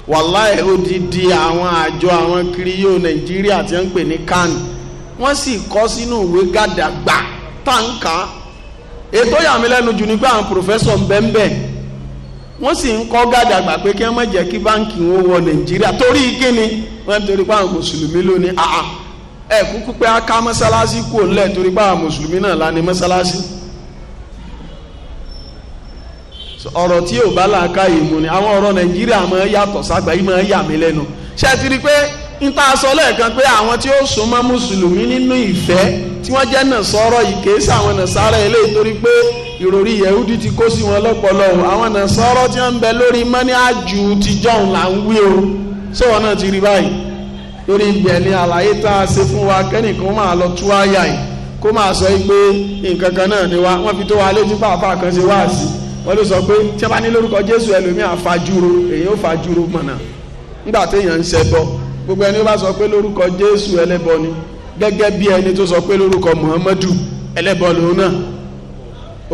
wàláì odidi àwọn àjọ àwọn kiriyó nàìjíríà ti wọ́n ń pè ní kan wọ́n sì kọ sínú ìwé gàdàgbà táǹkà ètò yàmílẹ́nu jù nígbà àwọn pòfẹ́sọ̀ bẹ́ńbẹ́ wọ́n sì ń kọ́ gàdàgbà pé kí wọ́n má jẹ́ kí báǹkì wọn wọ nàìjíríà torí wọ́n torí pé àwọn mùsùlùmí lónìí ẹ kúkú pé a ká mọ́sálásí ńlẹ̀ torí pé àwọn ọ̀rọ̀ tí ò bá làákà ìmú ni àwọn ọ̀rọ̀ nàìjíríà máa yàtọ̀ ságbà yìí máa yà mí lẹ́nu ṣé ẹ ti rí i pé ń tá a sọ lẹ́ẹ̀kan pé àwọn tí ó súnmọ́ mùsùlùmí nínú ìfẹ́ tí wọ́n jẹ́ nà sọ́rọ̀ yìí kèé sàwọn nà sára eléyìí torí pé ìròrí yẹ̀húdí ti kó sí wọn lọ́pọ̀lọ́ àwọn nà sọ́rọ̀ tí wọ́n ń bẹ lórí mọ́ní àjù tìjọ́ là ń wí o sọ́wọ́n náà ti rí báyìí lórí ibẹ̀ ni àlàyé tá a ṣe fún wa kẹ́nìkan máa lọ tú àyà yìí kó máa sọ pé nǹkan kan náà ni wa wọ́n fi tó wa létí pàápàá kan ṣe wáàsí wọ́n ló sọ pé tí a bá ní lórúkọ jésù èyí ó fajúro mọ̀nà nígbà téèyàn ń gbogbo ẹni tó bá sọ pé lórúkọ jésù ẹlẹ́bọ ni gẹ́gẹ́ bí ẹni tó sọ pé lórúkọ muhammadu ẹlẹ́bọ lòun náà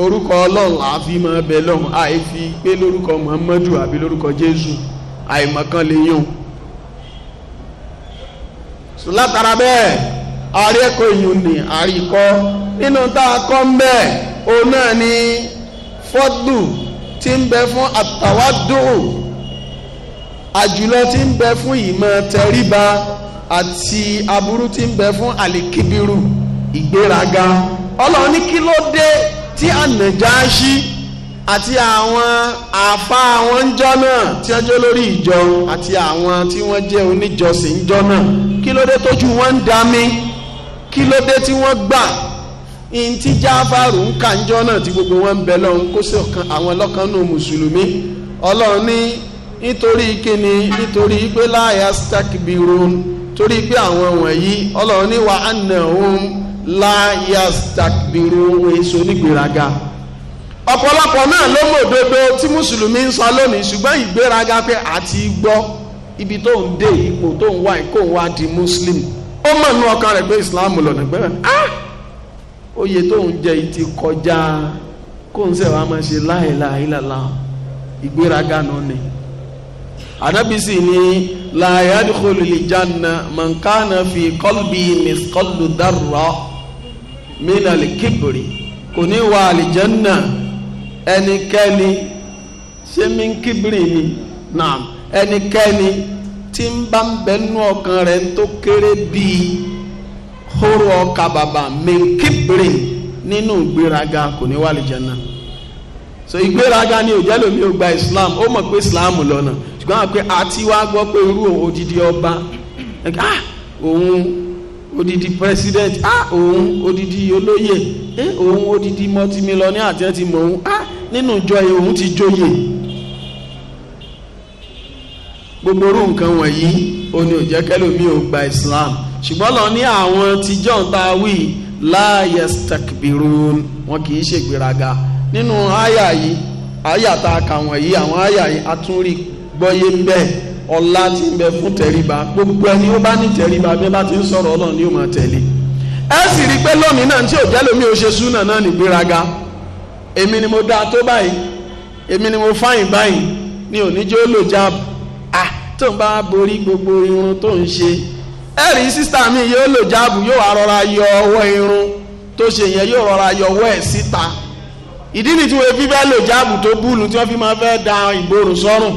orúkọ ọlọ́run àfi máa bẹ lọ́hùn àìfi pé lórúkọ muhammadu àbí lórúkọ jésù àìmọ̀kan lè fọ́dù tí ń bẹ fún àtàwádùn àjùlọ tí ń bẹ fún ìmọ̀ tẹríba àti aburú tí ń bẹ fún àlìkíbirù ìgbéraga ọlọ́run ní kí ló dé tí ànàjáṣí àti àwọn àfa àwọn ńjọ náà tí wọ́n jẹ́ lórí ìjọ àti àwọn tí wọ́n jẹ́ oníjọsìn ńjọ náà kí ló dé tójú wọn ń dá mi kí ló dé tí wọ́n gbà ntí jáfàrù ń ka njọ́ náà tí gbogbo wọn ń bẹ lọ́hún kó sí ọ̀kan àwọn lọ́kàn nù mùsùlùmí ọlọ́run ní nítorí kíni nítorí pé láyà stakbirun torí pé àwọn wọ̀nyí ọlọ́run ní wa annahum láyà stakbirun èso nígbèraga ọ̀pọ̀lọpọ̀ náà ló mọ̀ òdodo tí mùsùlùmí ń sọ lónìí ṣùgbọ́n ìgbéraga pé àti gbọ́ ibi tó ń dé ipò tó ń wá ìkó ń wá di muslim ó mọ̀ nínú ọkàn rẹ̀ pé islam lọ̀nà gbẹ́rẹ̀ ah oyè tó ń jẹ ti kọjá kó ń sẹ́wàá máa ṣe láìláìlàlá ìgbéraga náà ni ànábìsì ni láyàdì kọlùlìjànà mọ̀nkánà fi kọ́lbì mìsíkọ́lù dárọ̀ mìnàlì kìbìrì kò ní wà àlìjànà ẹnikẹ́ni ṣé mi ń kíbìrì ni náà ẹnikẹ́ni tí ń bá ń bẹ́nu ọkàn rẹ̀ ń tó kéré bíi hóró ọkà bàbà mẹ́kìbìrì nínú ìgbéraga kò ní wà lìjẹ́ náà so ìgbéraga ni òjẹ́ lómi ò gba Islam ó mọ̀ pé Islam lọ́nà ṣùgbọ́n àpé àti wá gbọ́ pé irú òdìdí ọba ah òun odidi president ah òun odidi olóyè eh òun odidi multimillionaire àti ẹ ti mọ̀ òun ah nínú ìjọ yìí òun ti jóyè gbogbo orú nǹkan wọ̀nyí ó ní òjẹ́ kẹ́lòmí ò gba Islam ṣùgbọ́n lọ ní àwọn tíjọ́ ta wí la yastakbirun wọn kì í ṣe gbéraga nínú àyà yìí àyà tá a kà wọ̀nyí àwọn àyà yìí a tún rí gbọ́yé bẹ́ẹ̀ ọlá tí ń bẹ fún tẹríba gbogbo ẹni ó bá ní tẹríba bí ẹ bá ti ń sọ̀rọ̀ ọlọ́run ni ó máa tẹ̀lé ẹ sì rí i pé lónìí náà tí òjá lómi ò ṣe súnà náà ní gbéraga èmi ni mo dáa tó báyìí èmi ni mo fáyìn báyìí ni òní jẹ́ ó ah tó ń bá borí gbogbo irun tó ń ṣe ẹ̀rí sísá mi yóò lò jáàbù yóò wá rọra yọ ọwọ́ irun tó ṣe yẹn yóò rọra yọ ọwọ́ ẹ̀ síta ìdí ni tí wọ́n fi fẹ́ lò jáàbù tó búlù tí wọ́n fi máa fẹ́ da ìgboro sọ́rùn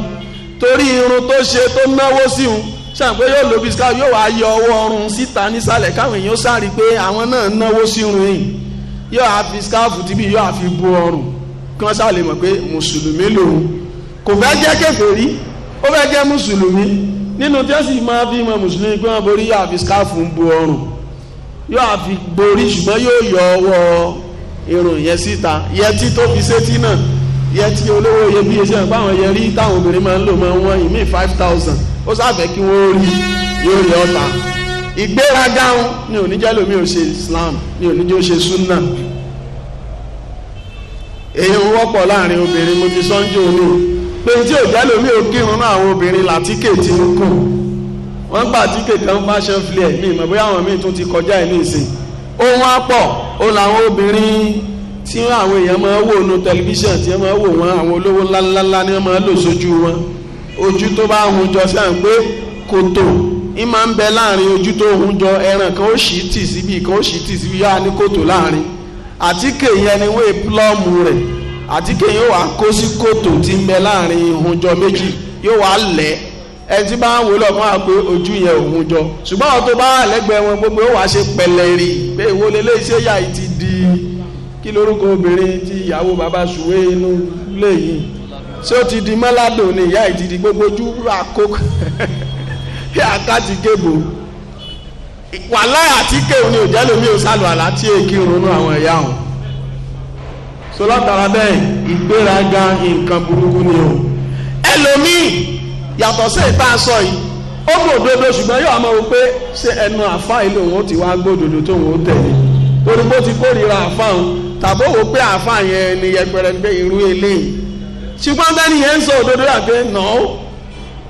torí irun tó ṣe tó náwó sí un ṣàpé yóò lo bisikà yóò wá yọ ọwọ́ ọrùn síta nísàlẹ̀ káwọn èèyàn sáré pé àwọn náà náwó sí irun yìí yóò á fi skáàfù tíbi yóò á fi bu ọrùn kí wọ́n sáré mọ̀ pé mùsùlùmí lòun kò fẹ́ jẹ́ kèfèrí ó fẹ́ jẹ́ mùsùlùmí nínú tí ó sì máa fi mọ mùsùlùmí pé wọ́n borí yóò fi skáfù ń bo ọrùn yóò fi borí ṣùgbọ́n yóò yọ ọwọ́ irun yẹn síta yẹtí tó fi sétí náà yẹtí olówó iyebíye ṣe àgbà àwọn yẹrí táwọn obìnrin máa ń lò máa ń wọ́n ìmí five thousand ó sáfẹ́ kí wọ́n rí yóò rí ọ̀tá ìgbéraga ni oníjẹ́ lómi ò ṣe Islam ni oníjẹ́ ò ṣe sunna èyí ń wọ́pọ̀ láàrin obìnrin mo ti sọ́njú olóòrùn pé tí ò jẹ́ ò kírun náà àwọn obìnrin làtíkè ti ń kùn wọ́n gbà tíkè kan fashion flare mi ìmọ̀ bóyá àwọn míì tún ti kọjá ẹ̀ ní ohun pọ̀ o làwọn obìnrin tí àwọn èèyàn máa wò nu tẹlifíṣàn tí wọ́n máa wò wọn àwọn olówó ńláńláńlá ni máa lò sójú wọn ojú tó bá hun jọ sí à ń kòtò ń máa ń bẹ láàrin ojú tó hun jọ ẹran kan ó sì tì síbi àtíkè yóò wá kó sí kòtò tí ń bẹ láàrin ìhunjọ méjì yóò wá lẹ̀ ẹni tí bá ń wò lọ́kàn á pé ojú yẹn òun jọ ṣùgbọ́n àwọn tó bá wà lẹ́gbẹ̀ẹ́ wọn gbogbo ó wàá ṣe pẹ̀lẹ́rì pé ìwo lélẹ́ iṣẹ́ yà ti di kí lórúkọ obìnrin tí ìyàwó bàbá ṣùwé inú léyìn ṣé ó ti di mọ́ládò ni ìyá yìí ti di gbogbo ojú àkó kí àkáàtì kébò wàhálà àtíkè òní òjẹ́lómi ò sálù àlá tí èkì ronú àwọn ẹ̀yà ọ̀hún tó látara bẹ́ẹ̀ ìgbéraga nǹkan burúkú ni o ẹlòmíì yàtọ̀ sí ìta sọ yìí ó gbòdodo ṣùgbọ́n yóò máa wò pé ṣé ẹnu àfa ilé òun ti wá gbòdodo tó òun tẹ̀lé torí bó ti kórìíra àfa òun tàbó wò pé àfa yẹn ni yẹpẹrẹ gbé irú eléyìí ṣùgbọ́n bẹ́ẹ̀ ni yẹn ń sọ òdodo àgbẹ̀ náà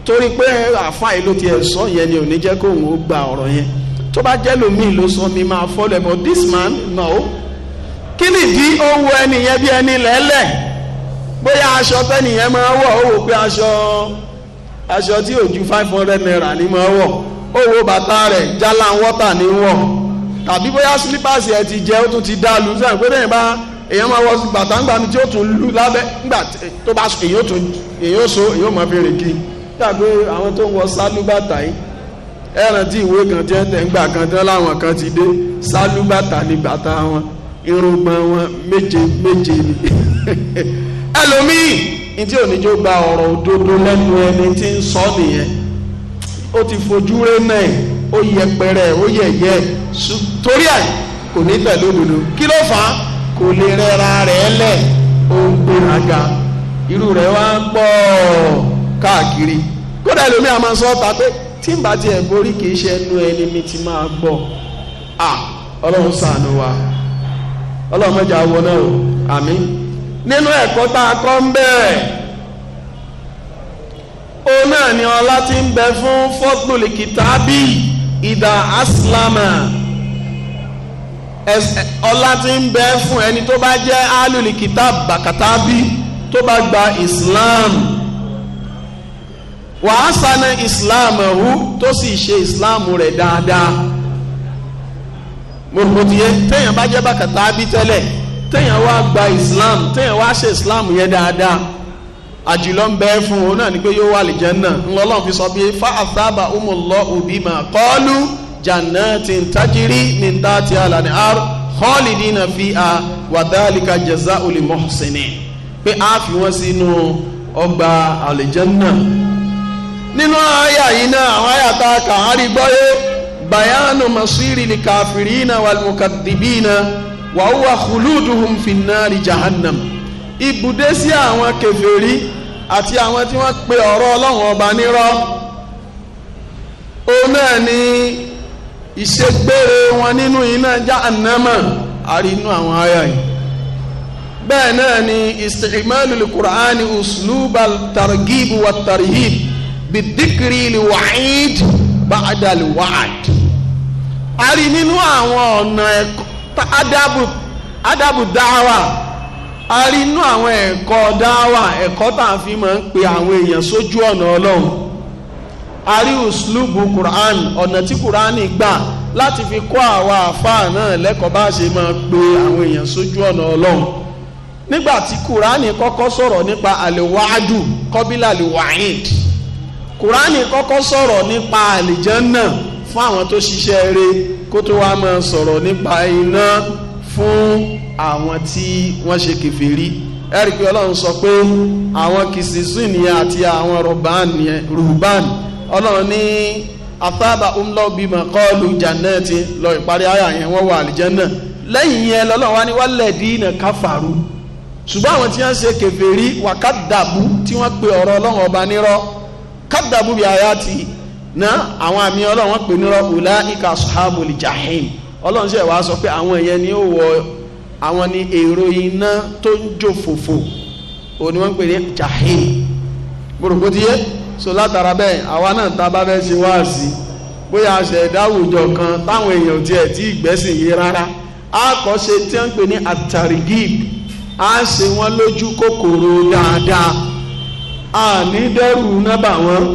torí pé àfa ìlú tiẹ̀ sọ yẹn ni ò ní jẹ́ kó òun ó gba ọ̀rọ̀ yẹn tó bá jẹ́ lòmíì ló sọ mi máa follow but this man no kí nìdí ó wo ẹni yẹn bí ẹni lẹ́lẹ̀ bóyá aṣọ tẹ́nìyẹn máa wọ̀ ó wò pé aṣọ aṣọ tí ò ju five hundred naira ni máa wọ̀ ó wo bàtà rẹ̀ jálá wọ́tà ni wọ̀ tàbí bóyá sílípàsì ẹ̀ ti jẹ́ ó tún ti dá lu sẹ́yìn pé bẹ́ẹ̀ bá èèyàn máa wọ bàtà ńgbà mi tí ó tún lù lábẹ́ ńgbà tó bá èyí tún èyí so èyí ó mọ̀ fi rìn kí dàgbé àwọn tó ń wọ sálúbàtà yìí ẹ̀ràn tí ìwé kan tí wọ́n tẹ̀ ń kan tí láwọn kan ti dé sálúbàtà ni bàtà wọn irùngbọ̀n wọn méje méje ni ẹlòmíì ní tí oníjó gba ọ̀rọ̀ òdodo lẹ́nu ẹni tí ń sọ nìyẹn ó ti fojú rẹ náà ó yẹpẹrẹ ó yẹyẹ torí ẹ kò ní tẹ̀lé òdodo kí ló fà á kò lè rẹra rẹ̀ lẹ̀ ó ń gbéraga irú rẹ̀ wá ń pọ̀ káàkiri kódà ẹlòmíì a máa sọ ta pé tí n bá tiẹ̀ borí kì í ṣe ẹnu ẹni mi ti máa gbọ́ ọlọ́run ṣàánú wa ọlọ́run mẹ́jọ awọ náà o àmín nínú ẹ̀kọ́ tá a kọ́ ń bẹ̀rẹ̀ ó náà ni ọlá ti ń bẹ fún fọ́tòlì kìtàbí ìdá áṣìlámà ọlá ti ń bẹ fún ẹni tó bá jẹ́ alùlì kìtàbí bàkàtàbí tó bá gba islam wàásà ní islam hu tó sì ṣe islam rẹ̀ dáadáa mọ̀lùmọ̀tìyẹ téèyàn bá jẹ́ bàkàtà bí tẹ́lẹ̀ téèyàn wá gba islam téèyàn wá ṣe islam yẹn dáadáa àjùlọ ń bẹ fún òun náà ni pé yóò wà lè jẹ́nà ńlọ́lọ́n fi sọ bí fa àtàbà umùlọ́ òbí mà kọ́ọ́lù jàǹnà tí ń tajiri ní dáàtì àlàní ar kọ́ọ̀lìdì náà fi à wàdálìkà jẹ̀zá olùmọ̀sìnì pé a fi wọ́n sínú ọgbà àlè jẹ́nà nínú àyà yìí náà àwọn àyà tá a kà á rí gbọ́yé bayanu masiri likafirina walmukadibina wa huwa khuluduhum finnari jahannam ibùdé sí àwọn kèfèrí àti àwọn tí wọ́n pe ọ̀rọ̀ Ọlọ́run ọba nírọ́ ó náà ní ìṣègbére wọn nínú iná jahannama àrínú àwọn ayà yìí bẹ́ẹ̀ náà ni istimalu qur'ani usluba targhib wa tarhib bidikiri liwaid ba'da liwaid a rí nínú àwọn ọ̀nà ẹ̀kọ́ adabu adabu dáwà a rí nínú àwọn ẹ̀kọ́ dáwà ẹ̀kọ́ tá a fi máa ń pe àwọn èèyàn sójú ọ̀nà ọlọ́run a rí uslubu quran ọ̀nà tí quran gbà láti fi kọ́ àwa àfáà náà lẹ́kọ̀ọ́ bá ṣe máa pe àwọn èèyàn sójú ọ̀nà ọlọ́run nígbà tí Quran kọ́kọ́ sọ̀rọ̀ nípa àlèwádù kọ́bílà àlèwáyìn kùránì kọ́kọ́ sọ̀rọ̀ nípa àlìjẹ́nnà fún àwọn tó ṣiṣẹ́ rere kó tó wá máa sọ̀rọ̀ nípa iná fún àwọn tí wọ́n ṣe kèfèrí ẹ rí pé ọlọ́run sọ pé àwọn kìsìsìn nìyẹn àti àwọn rùbán ọlọ́run ní afábà umlọ́bí mọ̀kọ́ọ̀lù jannati lọ ìparí ayà yẹn wọ́n wà àlìjánà lẹ́yìn yẹn lọ́lọ́run wá ní wálẹ̀ dínà káfàrú ṣùgbọ́n àwọn tí wọ́n ṣe kèfèrí wà kádàbù tí wọ́n pe ọ̀rọ̀ ọlọ́run ọba nírọ́ kádàbù bí ayati Na àwọn àmì ọlọ́run wọ́n pè ní rọ́ùlá ìka sọ́hábùlì jahim ọlọ́run sì wá sọ pé àwọn ìyẹn ni ó wọ àwọn ni èrò iná tó ń jò fòfò òní wọ́n pè ní jahim gbòrògbò ti yé so látara bẹ́ẹ̀ àwa náà ta bá fẹ́ ṣe wáàsí bóyá aṣẹ ìdáwùjọ kan táwọn èèyàn tiẹ̀ tí ìgbẹ́sìn yé rárá a kọ́ ṣe tí wọ́n pè ní àtàrígìb a ṣe wọ́n lójú kòkòrò dáadáa a ní dẹ́rù náà bà wọ́n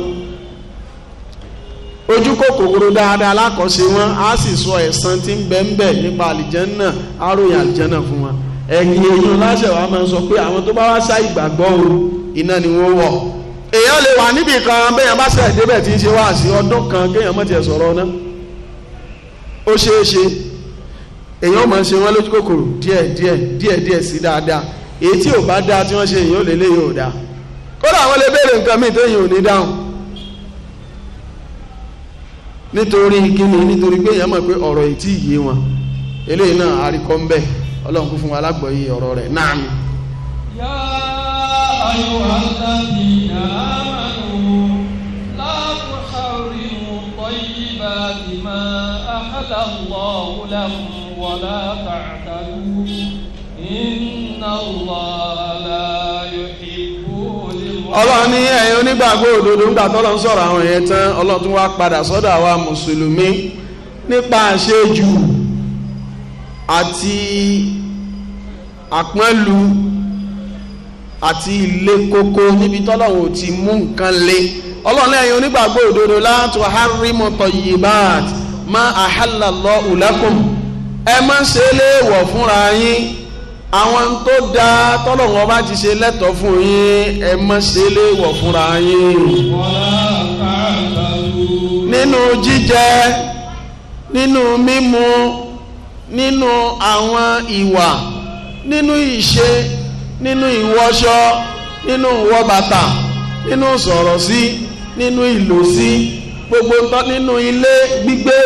ojú kòkòrò dáadáa lákọ̀ọ́sí wọn á sì sọ ẹ̀san tí ń bẹ ń bẹ nípa àlìjẹ́nà àròyìn àlìjẹ́nà fún wọn ẹ̀yìn èèyàn láṣẹ wàá máa sọ pé àwọn tó bá wá sá ìgbàgbọ́ o iná ni wọ́n wọ̀ èèyàn lè wà níbi kan béèyàn bá sẹ̀ débẹ̀ tí ń ṣe wáàsí ọdún kan kéèyàn mọ̀ tiẹ̀ sọ̀rọ̀ náà ó ṣeé ṣe èèyàn máa ṣe wọn lójú kòkòrò díẹ̀ díẹ̀ díẹ̀ díẹ̀ sí dáadáa nítorí kíni nítorí pé èèyàn mọ̀ pé ọ̀rọ̀ ọrọ yìí wọn eléyìí náà àríkọ́ ń bẹ̀ ọlọ́run kún fún wa lágbọ̀ọ́yé ọ̀rọ̀ rẹ̀ náà mi. yá ayọ̀ àtàbí àmàlù láàbùhárì mọ̀tọ́yì bá ti máa àhàlà lọ́wọ́ ọlọ́run ní ẹ̀yin onígbàgbọ́ òdodo ńgbà tọ́lọ́ ń sọ̀rọ̀ àwọn yẹn tán ọlọ́run tún wá padà sọ́dọ̀ àwa mùsùlùmí nípa àṣejù àti àpọ́nlu àti ilé kókó níbi tọ́lọ́run ò ti mú nǹkan le ọlọ́run ní ẹ̀yin onígbàgbọ́ òdodo láti harimọ̀ tọ̀yìbáàt má àhàlàlọ́ ùlákùn ẹ má ṣe é léèwọ̀ fúnra yín àwọn tó dáa tọ́lọ̀wọ́n bá ti ṣe lẹ́tọ̀ọ́ fún yín ẹ má ṣe léèwọ̀ fúnra yín nínú jíjẹ nínú mímu nínú àwọn ìwà nínú ìṣe nínú ìwọṣọ nínú ìwọ bàtà nínú sọ̀rọ̀ sí nínú ìlò sí gbogbo nínú ilé gbígbé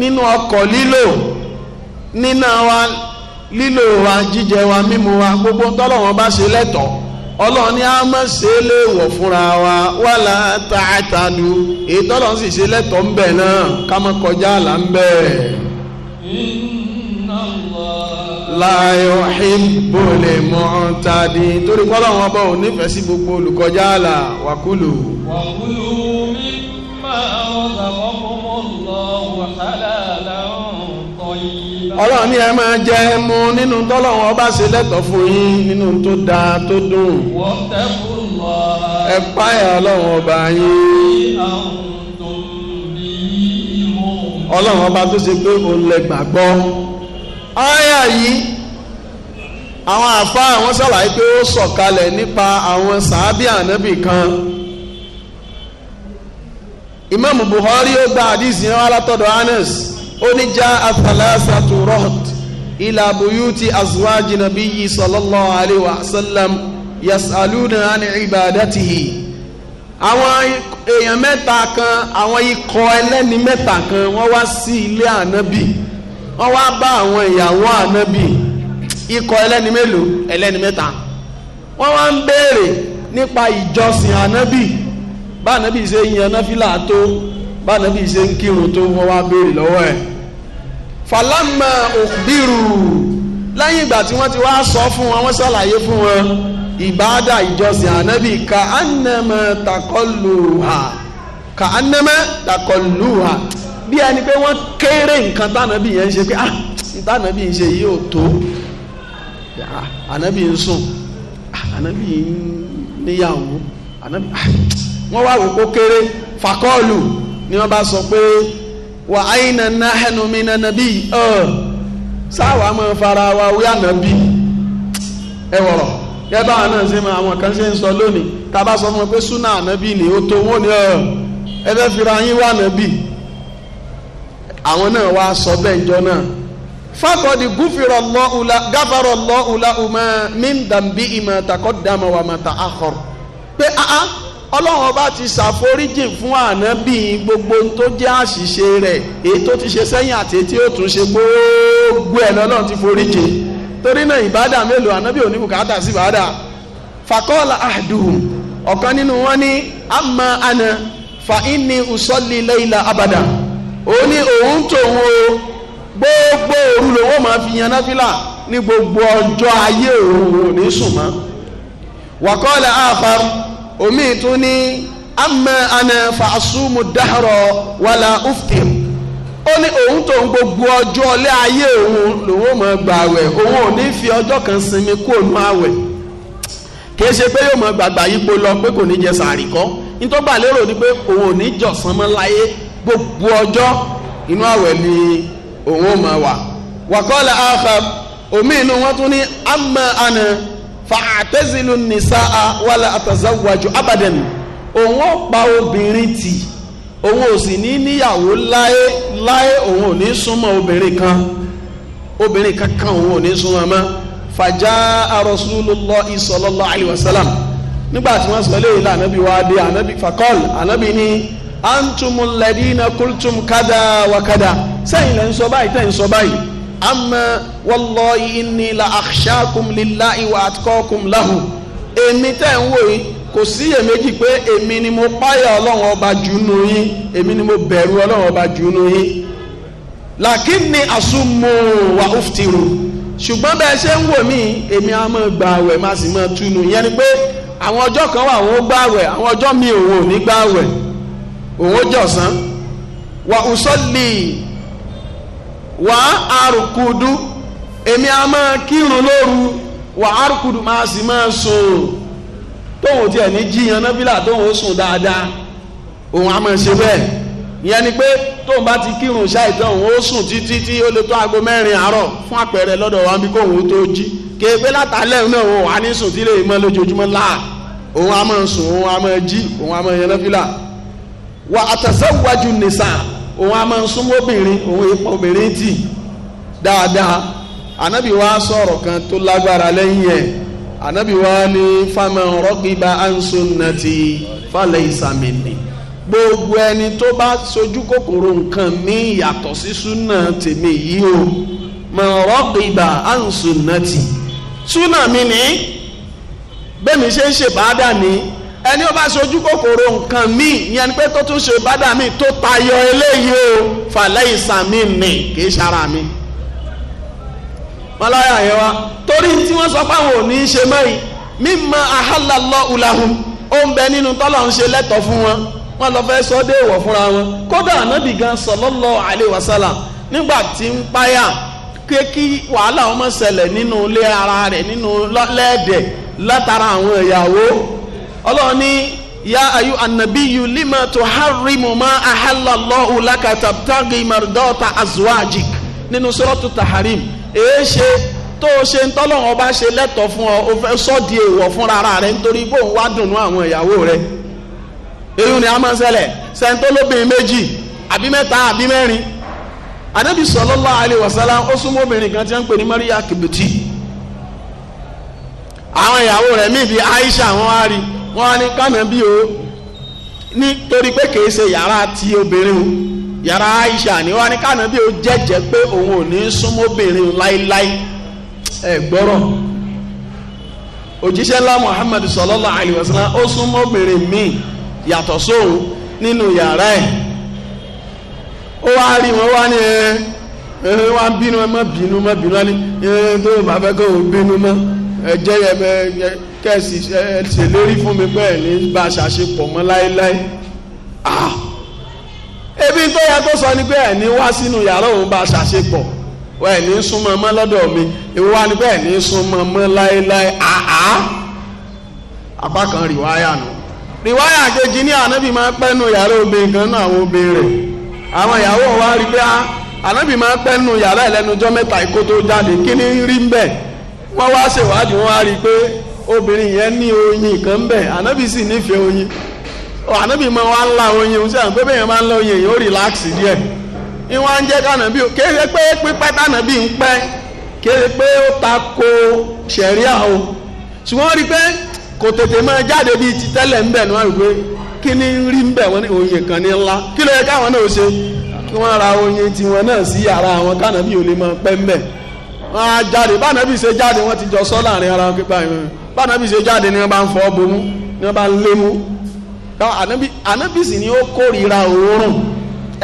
nínú ọkọ̀ lílò nínú àwọn lilo wa jíjẹ wa mímu wa gbogbo tọ́lọ́wọ́n bá ṣe lẹ́tọ̀ọ́ ọlọ́run ni a máa ṣe é léèwọ̀ fúnra wa wà láta àtàdù èyí tọ́lọ́run sì ṣe lẹ́tọ̀ọ́ ń bẹ̀ náà ká má kọjá àlà ń bẹ̀. láyọ̀ ìbòlè mọ́ torí ọba ò nífẹ̀ẹ́ sí gbogbo olùkọjá mímọ́ àwọn ọ̀gá mọ́ lọ́wọ́ ọlọ́run ní ẹ máa jẹ mu nínú tọ́lọ́run ọba ṣe lẹ́tọ̀ọ́ fún yín nínú tó dáa tó dùn ẹ páyà ọlọ́run ọba yín ọlọ́run ọba tó ṣe pé òun lẹ gbàgbọ́ àyà yìí àwọn àfa àwọn ṣàlàyé pé ó sọ̀kalẹ̀ nípa àwọn sàábì ànábì kan Imam Buhari ó gba àdìsí yẹn látọ̀dọ̀ ó ní já athalasatu rohd ila buyuti azwaji nabiyyi sallallahu alayhi wa sallam yasaluna ani ibadatihi àwọn èèyàn mẹ́ta kan àwọn ikọ̀ ẹlẹ́ni mẹ́ta kan wọ́n wá sí ilé ànábì wọ́n wá bá àwọn ìyàwó ànábì ikọ̀ ẹlẹ́ni mélòó ẹlẹ́ni mẹ́ta wọ́n wá ń béèrè nípa ìjọsìn ànábì bá ànábì ṣe yan náfìlà tó báyìí bí ṣe ń kírun tó wọ́n wá béèrè lọ́wọ́ ẹ̀ falama òbírù lẹ́yìn ìgbà tí wọ́n ti wá sọ fún wọn wọ́n ṣàlàyé fún wọn ìbáàdà ìjọsìn ànábì ka anamọ takọlùhà ka anamọ takọlùhà bí ẹni pé wọ́n kéré nǹkan tànàbì yẹn ń ṣe pé ah tànàbì ń ṣe yìí ò tó ah, ànábì ń sùn ah, ànábì ń níyàwó ànábì ah, wọ́n wá wò ó kéré fakọ́ọ̀lù ni wọ́n bá sọ pé wà áyínà náhẹ́nu mi nà nàbí ọ̀ sáwà máa fara wa wí ànàbí ẹ wọ̀rọ̀ yẹ báwọn náà ṣe máa àwọn kan ṣe ń sọ lónìí tá a bá sọ fún wọn pé súnà ànàbí ni ó tó wọn ni ọ̀ ẹ fẹ́ fira yín wà ànàbí àwọn náà wá sọ bẹ́ẹ̀ jọ náà fakọdi gufiro lọọla gafaro lọọla uma min dambi ima takọ dama wa ma ta akọrọ pé aa ọlọ́run ọba ti ṣàforíjì fún ànábì gbogbo tó jẹ́ àṣìṣe rẹ̀ èyí tó ti ṣe sẹ́yìn àti èyí tí ó tún ṣe gbogbo ẹ̀ lọ́lọ́run ti foríjì torí náà ìbádà mélòó ànábì ò bùkátà sí ìbádà fakọ́ọ̀lá àdùn ọ̀kan nínú wọn ní àmà àna fa inni usọ́lì lẹ́yìnlá abàdà ó ní òun tòun o gbogbo òru lòun máa fi yan náfìlà ní gbogbo ọjọ́ ayé òun ò sùn mọ́ wàkọ́ọ̀lá àfàrù omi tún ní ama ana fàásùmù dáhọrọ wàlà uftim ó ní òun tó ń gbogbo ọjọ́ ọlẹ́ ayé òun lòun ò mọ̀ gbààwẹ̀ òun ò ní fi ọjọ́ kan sinmi kó nu àwẹ̀ kìí ṣe pé yóò mọ̀ gbàgbà yípo lọ pé kò ní jẹ sàárì kọ́ nítorí ni pé òun ò ní jọ̀sán mọ́ gbogbo ọjọ́ omi inú wọn fàtẹ́sílù nìsa wàlẹ̀ àtàzáwájú abadan òun ó pa obìnrin tì òun ò sì ní níyàwó láé láé òun ò ní súnmọ́ obìnrin kan obìnrin kankan òun ò ní súnmọ́ mọ́ fàjà rasulullah sallallahu alayhi wa sallam nígbà tí wọ́n sọ eléyìí lé ànábì wá dé ànábì fakọ́l ànábì ní antumul kultum kada wa sẹ́yìn lẹ́ ń sọ báyìí tẹ́ ń sọ báyìí àmọ́ wallahi inni la akhshakum lillahi wa atqakum lahu èmi tẹ́ ń wò yìí kò sí èméjì pé èmi ni mo páyà ọlọ́run ọba jù nù yín èmi ni mo bẹ̀rù ọlọ́run ọba jù nù yín làkínni àsùnmù wa uftiru ṣùgbọ́n bẹ́ẹ̀ ṣe ń wò mí èmi á máa gba àwẹ̀ má sì máa túnu ìyẹn ni pé àwọn ọjọ́ kan wà àwọn ó gba àwẹ̀ àwọn ọjọ́ mi òun ò ní gba àwẹ̀ òun ó jọ̀sán wa usalli wà á àrùkùdù èmi a máa kírun lóru wà á àrùkùdù máa sì máa sùn tóun tiẹ̀ ní jíyan náfìlà tóun ó sùn dáadáa òun a máa ṣe bẹ́ẹ̀ ìyẹn ni pé tóun bá ti kírun ṣáìtàn òun ó sùn títí tí ó lè tó aago mẹ́rin àárọ̀ fún àpẹẹrẹ lọ́dọ̀ wa bí kóun ó tó jí kéèpé látàlẹ́ náà òun wà ní sùn tí lè lójoojúmọ́ láà òun a máa sùn òun a máa jí òun a máa yan náfìlà wà àtẹ̀sẹ́wájú òun a máa ń súnmọ́ obìnrin òun ipa obìnrin tì dáadáa ànábì wa sọ̀rọ̀ kan tó lágbára lẹ́yìn ẹ̀ ànábì wa ní faman raqiba an sunnati falaysa minni gbogbo ẹni tó bá sojú kòkòrò nǹkan ní ìyàtọ̀ sí súnà tèmi yìí o man raqiba an sunnati súnà mi ní bẹ́ẹ̀ mi ṣe ń ṣèbáàdà ní ẹni ó bá ṣojú kòkòrò nǹkan míì yẹn ni pé tó tún ṣe bádà míì tó tayọ eléyìí o fàlẹ́ ìsàmì nì kì í ṣara mi mọláyà yẹn wa torí tí wọ́n sọ fáwọn ò ní í ṣe mẹ́rin mímọ àhálàlọ́ ulahum ó ń bẹ nínú tọ́lọ̀ ń ṣe lẹ́tọ̀ fún wọn wọ́n lọ fẹ́ sọ dé ìwọ̀ fúnra wọn kódà ànábì gan sallallahu alaihi wasallam nígbà tí ń páyà pé kí wàhálà wọn má ṣẹlẹ̀ nínú ilé ara rẹ̀ nínú lẹ́ẹ̀dẹ̀ látara àwọn ìyàwó ọlọ́run ní ya ayu anabiyu lima tuharrimu ma ahallallahu laka tabtagi mardota azwajik nínú suratu taharim èé ṣe tó o ṣe ń tọ́lọ́run ọba ṣe lẹ́tọ̀ọ́ fún ọ o fẹ́ sọ́ di èèwọ̀ fún rárá rẹ nítorí bó ń wá dùnú àwọn ìyàwó rẹ èyí ni a máa ń ṣẹlẹ̀ sẹ́ńtólóbìnrin méjì àbí mẹ́ta àbí mẹ́rin anabi sallallahu alaihi wasallam ó súnmọ́ obìnrin kan tí wọ́n ń pè ní maria kibiti àwọn ìyàwó rẹ̀ míì bíi aisha wọn á rí i wọ́n á ní kánàbí o nítorí pé kìí ṣe yàrá ti obìnrin o yàrá Aisha ni wọ́n ní o jẹjẹ pé òun ò ní súnmọ́ obìnrin láíláí ẹ gbọ́rọ̀ òjíṣẹ́ ńlá Muhammad sallallahu alaihi ó súnmọ́ obìnrin míì yàtọ̀ nínú yàrá ó wá rí wọn wá ní ẹ wá bínú kẹ́sì ṣèlérí fún mi bẹ́ẹ̀ ẹ̀ ní bá a ṣàṣepọ̀ mọ́ láéláé ebi tó yẹ tó sọ ni bẹ́ẹ̀ ní wá sínú yàrá òun bá a ṣàṣepọ̀ ẹ̀ ní súnmọ́ mọ́ lọ́dọ̀ mi ìwọ wa ni pé ní súnmọ́ mọ́ láéláé àá apá kan rìwáyà nù rìwáyà kejì ní ànábì máa pẹ́ nu yàrá obìnrin kan náà àwọn obìnrin rẹ̀ àwọn ìyàwó wa rí pé ah, ànábì máa pẹ́ nu yàrá ẹlẹ́nujọ́ mẹ́ta ìkó jáde kí rí ń bẹ̀ wọ́n wá ṣèwádìí wọ́n á rí i pé obìnrin yẹn ní oyin kan bẹ̀ anabi sì nífẹ̀ẹ́ oyin ànábì máa wá nla oyin o sí àwọn pépé yẹn máa ń lọ oyin o kéde pé pípẹ́ tànábì ń pẹ́ kéde pé ó ta ko ṣẹ̀ríà o ṣùgbọ́n rí pé kò tètè máa jáde bíi ti tẹ́lẹ̀ ń bẹ̀ oyin kan ní ńlá kí ló yẹ oyin tiwọn náà sí àwọn ò lè máa pẹ́ ń bẹ̀ wọ́n á jáde ti jọ sọ́ láàrin ara wọn bánabi ṣe jáde ni wọ́n bá ń fọ́ bomú ni wọ́n bá ń lé mú ànábì sì ni ó kórìíra òórùn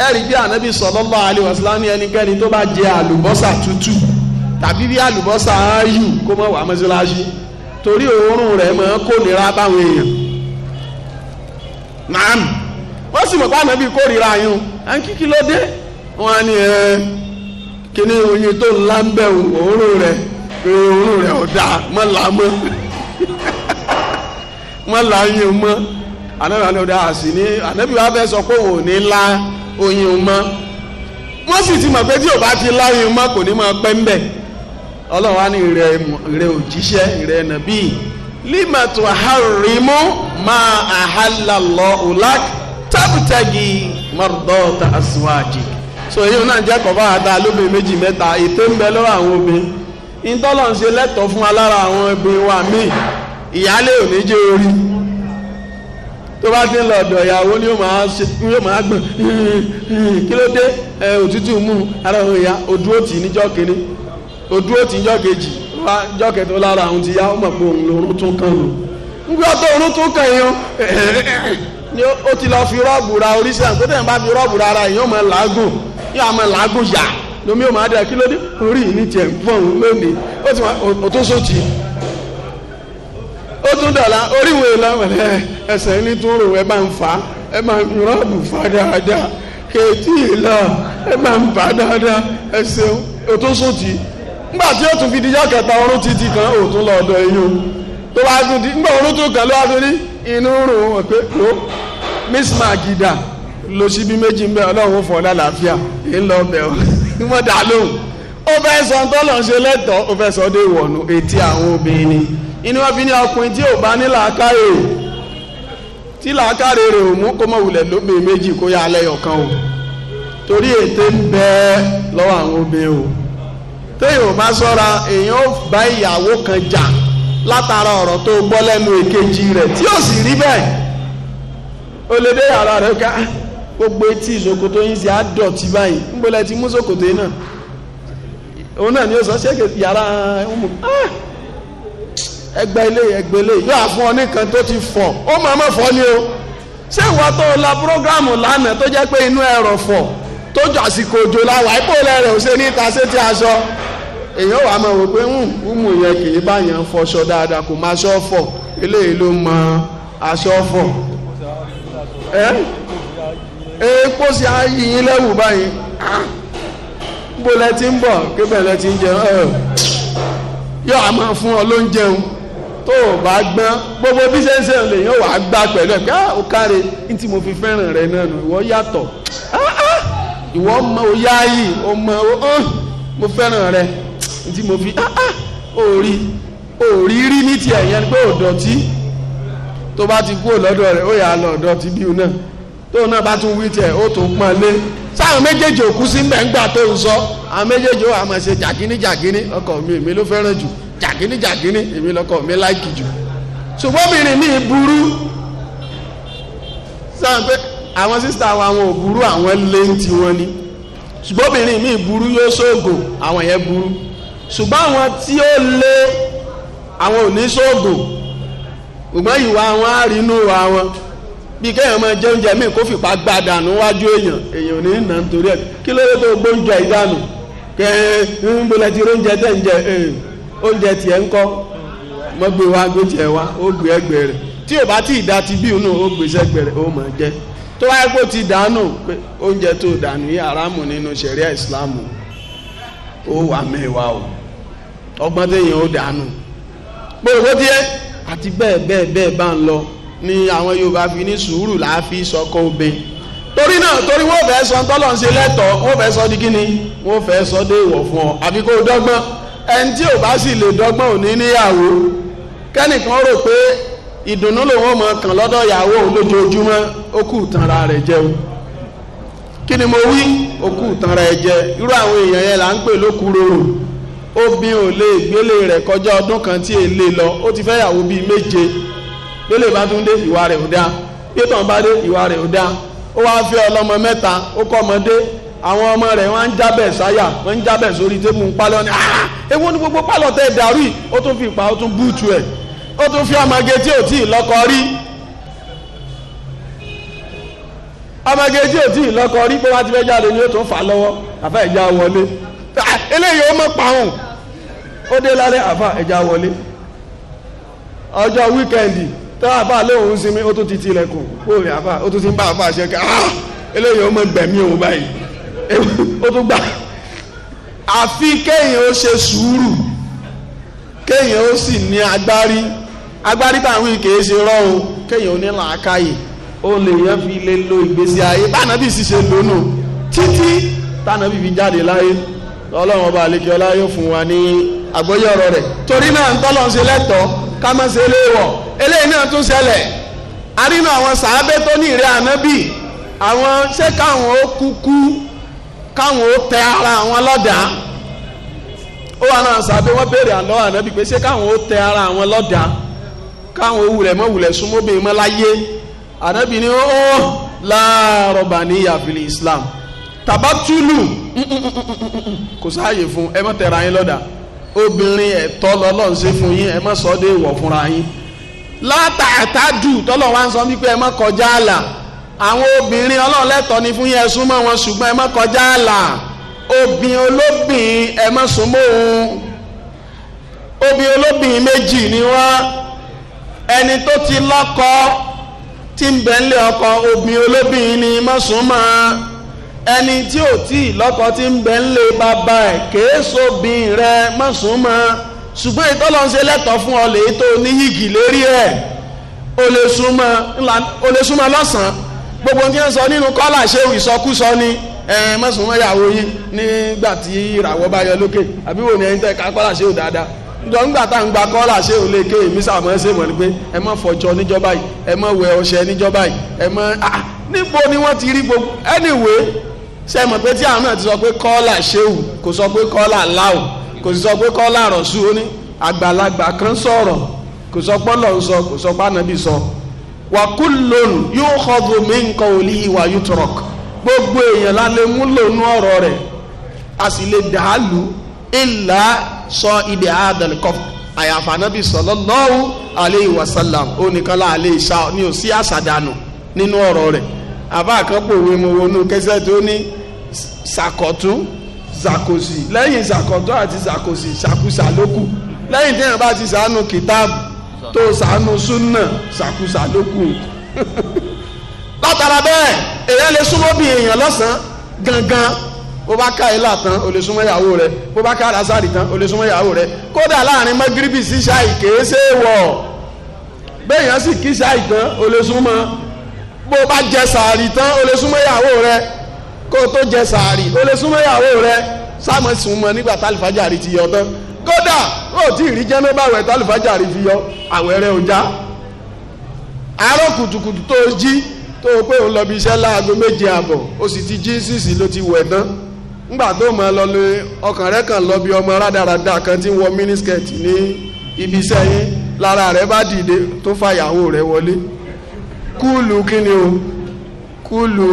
ẹ̀rí bí ànábì sallallahu alaihi wasallam ní ẹnikẹ́ni tó bá jẹ àlùbọ́sà tútù tàbí bí àlùbọ́sà áyù kó mọ̀ wà mọ́sálásí torí òórùn rẹ̀ mọ́ kórìíra báwọn èèyàn naam wọ́n sì mọ̀ pé ànábì kórìíra yín à ń kíkí ló dé wọ́n á ní ẹ kíní oyin tó ńlá ń bẹ̀ òórùn rẹ̀ òórùn rẹ̀ ọ̀dà mọ́ mọ́. wọ́n la oyin mọ́ anabi wọn da àsì ní anabi wọn fẹ́ sọ pé òun ò ní la oyin mọ́ wọ́n sì ti mọ̀ pé tí o bá ti la oyin mọ́ kò ní máa pẹ́ ńbẹ̀ ọlọ́run á ní ìrẹ òjíṣẹ́ ìrẹ nàbí limatu harimu ma ahalallahu lak tabtagi mardota aswaji so èyí náà méjì ń bẹ àwọn obìnrin ìtọ́lọ̀ ń ṣe lẹ́tọ̀ọ́ fún wa lára àwọn ẹgbẹ́ wa míì ìyálé ò ní jẹ́ orí tó bá ti ń lọ ọ̀dọ̀ ìyàwó ni yóò máa gbọ̀n kí ló dé òtútù mú ara òun ìyá òdúró tì níjọ́ kìíní òdúró tì níjọ́ kejì níjọ́ kẹtọ́ lára òun ti yá ó pé òun lòún tún kàn lò nígbà tó òun tún kàn yín ni ó ti lọ fi rọ́ọ̀bù ra oríṣiríṣi àti tó tẹ̀ ń bá fi rọ́ọ̀bù ra ara yìí yóò máa làágùn yóò máa làágùn yàá lomi ò máa dá kí ló dé orí ní tiẹ̀ ń fọ̀ òun lónìí ó ti máa ò tó sòtì ó tún dàlá orí wo lọ́wọ́ ẹ ẹsẹ̀ ní tún rò ẹ bá ń fà á ẹ bá ń rọ́ọ̀bù fà dáadáa kẹtì lọ ẹ bá ń fà dáadáa ẹsẹ̀ ò tó sòtì nígbà tí ó tún fi dijọ́ kẹta ọrún títí kan ò tún lọ ọ̀dọ̀ ẹ̀yìn o tó bá tún di nígbà ọrún tó kàn ló wá tún ní inú rùn wọn pé ó miss magida lo síbi méjì ń bẹ ọlọ́run fọ́ lálàáfíà ń lọ bẹ̀ ọ́ ni wọ́n dá lóhùn ó fẹ́ sọ tọ́lọ̀ ṣe lẹ́tọ̀ọ́ ó fẹ́ sọ dé ìwọ̀nù etí àwọn obìnrin inú wọn fi ní ọkùnrin tí ò bá ní làákàyè tí làákàyè rẹ̀ ò mú kó mọ̀ wulẹ̀ lóbìn méjì kó yá alẹ́ ọ̀kan o torí ète ń bẹ lọ́wọ́ àwọn obìnrin o téèyàn ò bá sọ́ra èèyàn ó bá ìyàwó kan jà látara ọ̀rọ̀ tó gbọ́ lẹ́nu èkejì rẹ̀ tí ó sì rí bẹ́ẹ̀ o lè dé yàrá rẹ̀ ká gbogbo etí ìṣòkòtò yín sí àdọ̀tí báyìí ń gbọ́lẹ̀ ti mú ṣòkòtò yín náà òun náà ni ó sọ ṣẹ́kẹ̀ yàrá ọmọ ah! ẹgbẹ́ ilé ẹgbẹ́ ilé yóò àfún ọ nìkan tó ti fọ̀ ó máa má fọ́ ni o ṣé ìwà tó la prógrámù lánàá tó jẹ́ pé inú ẹ̀rọ fọ̀ tó jọ àsìkò òjò láwà ipò lẹ́rẹ̀ ò ṣe níta ṣé ti aṣọ èèyàn wàá máa wò pé hùmù yẹn kì í báyàn fọṣọ dáadáa kò máa ṣọ́ fọ̀ eléyìí ló mọ aṣọ fọ̀ ẹ́ epo sì á yí yín lẹ́wù báyìí bó lẹ ti ń bọ̀ kébẹ̀ lẹ ti ń jẹun ẹ yọ a máa fún ọ ló ń jẹun tó o bá gbọ́n gbogbo bí ṣe ń ṣe lèyàn wàá gbà pẹ̀lú ẹ̀ ká o káre ní tí mo fi fẹ́ràn rẹ náà nù ìwọ yàtọ̀ ah, ah. ìwọ mọ o yá yìí o mọ o mo fẹ́ràn rẹ ní tí mo fi o ah, rí o rí rí ní tiẹ̀ yẹn pé o dọ̀tí tó bá ti kú lọ́dọ̀ rẹ̀ ó yà á lọ dọ̀tí bíu náà tóun náà bá tún wí tiẹ̀ ó tún pọ́n lé sáwọn méjèèjì òkú sí mbẹ́ ńgbà tó ń sọ àwọn méjèèjì ó àmọ̀ ṣe jàgínní jàgínní ọkọ mi èmi ló fẹ́ràn jù jàgínní jàgínní èmi lọkọ mi láìkì jù ṣùgbọ́n obìnrin mi burú sáwọn pé àwọn sísítà wa àwọn ò burú àwọn lé ń tiwọn ni ṣùgbọ́n obìnrin mi burú yóò ṣoògùn àwọn yẹn burú ṣùgbọ́n àwọn tí ó lé àwọn ò ní ṣoògùn ṣùgbọ́n ìwà wọn á rí inú wa wọn. bí kéèyàn máa jẹ oúnjẹ míì kó fìpá gbá dànù wájú èèyàn èèyàn ò ní nà nítorí ẹ̀ kí ló dé tó ìdánù kẹ ń ti oúnjẹ tẹ̀ ń jẹ oúnjẹ tiẹ̀ ń kọ́ mọ́ gbé wa gbé tiẹ̀ wá ó gbé ti bí inú ó gbé ó máa jẹ tó ti dànù pé oúnjẹ tó dànù yìí haramu nínú ṣẹ̀ríà ìsìláàmù ó wà o ọgbọ́n téèyàn ó dànù pé owó àti bẹ́ẹ̀ bẹ́ẹ̀ ni àwọn Yorùbá fi ní sùúrù làá fi sọkọ obe torí náà torí wọ́n fẹ́ sọ tọ́lọ̀ ń ṣe lẹ́tọ̀ọ́ wọ́n fẹ́ sọ di kíni wọ́n fẹ́ sọ dé ìwọ̀ fún ọ àbí kó o dọ́gbọ́n ẹni tí ò bá sì lè dọ́gbọ́n ò ní níyàwó kẹ́nìkan rò pé ìdùnnú lòun ò mọ kàn lọ́dọ̀ ìyàwó òun lójoojúmọ́ ó kù tanra rẹ̀ jẹun kí ni mo wí ó kù tanra ẹ̀ jẹ irú àwọn èèyàn yẹn là ń pè lókù rorò obìnrin ò lè gbélé rẹ̀ kọjá ọdún kan tí èlé lọ ó ti fẹ́ yàwó bíi méje lélẹ̀ bá tún dé ìwà rẹ̀ ò dáa pétọ̀ bá dé ìwà rẹ̀ ò dáa ó wáá fẹ́ ọlọ́mọ mẹ́ta ó kọ́ ọmọdé àwọn ọmọ rẹ̀ wọ́n á ń jábẹ̀ sáyà wọ́n ń jábẹ̀ sórí tébù ń pálọ̀ ní ah ewu ní gbogbo pálọ̀ tẹ́ dàrú yìí ó tún fi ìpa ó tún búùtù ẹ̀ ó tún fi ọmọge tí ò tí ì lọ́kọ rí ọmọge tí ò tí ì lọ́kọ rí pé wọ́n ti fẹ́ jáde ni ó tún fà lọ́wọ́ àfẹ́ ìjà wọlé ah, eléyìí ó mọ̀ pàrùn ó dé lálẹ́ àfà ìjà wọlé ọjọ́ wíkẹ́ndì tá àbá lóhùn sinmi ó tún ti ti ilẹ̀kùn kóòrè àbá ó tún ti ń bá àbá ṣe ká ah! eléyìí ó mọ gbẹ̀mí òun báyìí ó tún gbà àfi kéèyàn ó ṣe sùúrù kéèyàn ó sì ní agbárí agbárí táwọn yìí kìí ṣe rọ́ o kéèyàn ó ní làákàyè ó lè yẹn fi lè lo ìgbésí ayé tànàbí sì ṣe lónà títí tànàbí fi jáde láyé ọlọ́run ọba àlekè ọlá fún wa ní àgbọ́yé ọ̀rọ̀ rẹ̀ torí náà ń tọ́lọ́ ká má ṣe léèwọ̀ eléyìí náà tún ṣẹlẹ̀ arínú àwọn sàábẹ́ tó ní ìrẹ́ ànábì àwọn ṣé káwọn ó kúkú káwọn ó tẹ ara àwọn lọ́dàá ó wà náà sàábẹ́ wọ́n béèrè àlọ́ ànábì pé ṣé káwọn ó tẹ ara àwọn lọ́dàá káwọn wulẹ̀ mọ́ wulẹ̀ súnmọ́bìnrin mọ́ láyé ànábì ni ó láàárọ̀ bá ní yàfìlì Islam tabatulu kò sáàyè fún ẹ má tẹ̀ra yín lọ́dàá. obìnrin ẹ̀tọ́ lọ́lọ́run ṣe fún yín ẹ má sọ dé ìwọ̀ fúnra yín látàtàdù tọ́lọ̀ wá ń sọ wípé ẹ má kọjá àlà àwọn obìnrin ọlọ́run lẹ́tọ̀ọ́ ni fún yín ẹ súnmọ́ wọn ṣùgbọ́n ẹ má kọjá àlà obìn olóbìn ẹ má súnmọ́ òun obìn olóbìn méjì ni wọ́n ẹni tó ti lọ́kọ tí ń bẹ̀ ń lé ọkọ obìn olóbìn ni má súnmọ́ ọ ẹni tí ò tí ì lọ́kọ tí ń bẹ ńlé bàbá ẹ̀ kéésòbìn rẹ mọ̀sùnmọ́ ṣùgbọ́n ìtọ́lọ́ ń ṣe lẹ́tọ̀ọ́ fún ọ lèyí tó ní yìgì lérí ẹ̀ o lè súnmọ́ lọ́sàn-án gbogbo tí ń sọ nínú kọ́là ṣe ìsọkúsọ ni ẹ̀ẹ́n mọ̀sùnmọ́ ìyàwó yín nígbà tí ìràwọ̀ bá yọ lókè àbí wò ni ẹ̀yin tẹ́ ká kọ́là ṣe ò dáadáa jọ ńgbà tá à ń gba kọ́là ṣé ò lè ké èmi sàmọ́ ṣe mọ̀ ni pé ẹ má fọjọ níjọba yìí ẹ má wẹ ọṣẹ níjọba yìí ẹ má ah, níbo ni wọ́n ti rí gbogbo anyway ṣe mọ̀ pé tí àwọn náà ti sọ pé kọ́là ṣéwù kò sọ pé kọ́là láwù kò sì sọ pé kọ́là rọ̀ṣù ó ní àgbàlagbà kan sọ̀rọ̀ kò sọ pọ́lọ̀ ń sọ kò sọ pánàbí sọ wa kullun yukhadhu min qawlihi wa yutrak gbogbo èèyàn la lè mú lónú ọ̀rọ̀ rẹ̀ a sì lè dàálù ìlà sọ ìdè àdàlùkọ́ àyàfà nàbì sallallahu alayhi wa sallam ó nìkan láà lè àbá kan pòwe mo wọnú kẹsẹ̀ tó ní sàkọ̀tún sàkòsì lẹ́yìn sàkọ̀tún àti sàkòsì sàkúsà ló kù lẹ́yìn tí èèyàn bá ti sànù kìtáàbù tó sànù súnà sàkúsà ló kù látara bẹ́ẹ̀ èèyàn lè súnmọ́ bí èèyàn lọ́sàn-án gangan bó bá ká ilà tán o lè súnmọ́ ìyàwó rẹ bó bá ká rasari tán o lè súnmọ́ ìyàwó rẹ kódà láàrin mọ́gíríbì sí ṣáì kèé ṣe wọ̀ bẹ́ẹ̀ yẹn sì kí ṣáì tán o lè súnmọ́ bó bá jẹ sàárì tán o lè súnmọ́ ìyàwó rẹ kó o tó jẹ sàárì o lè súnmọ́ ìyàwó rẹ sáàmù súnmọ́ nígbà tálífàjàrí ti yọ tán kódà o tí ì rí jẹ́nẹ́bà wẹ̀ tálífàjàrí fi yọ àwẹ̀ rẹ já lọ bí iṣẹ́ láago méje àbọ̀ o ti jí sísì ti wẹ̀ tán tó lọ lé ọkàn lọ bí ọmọ rádaràda kan wọ ní ibi rẹ bá dìde tó rẹ wọlé kúlù kíni o kúlù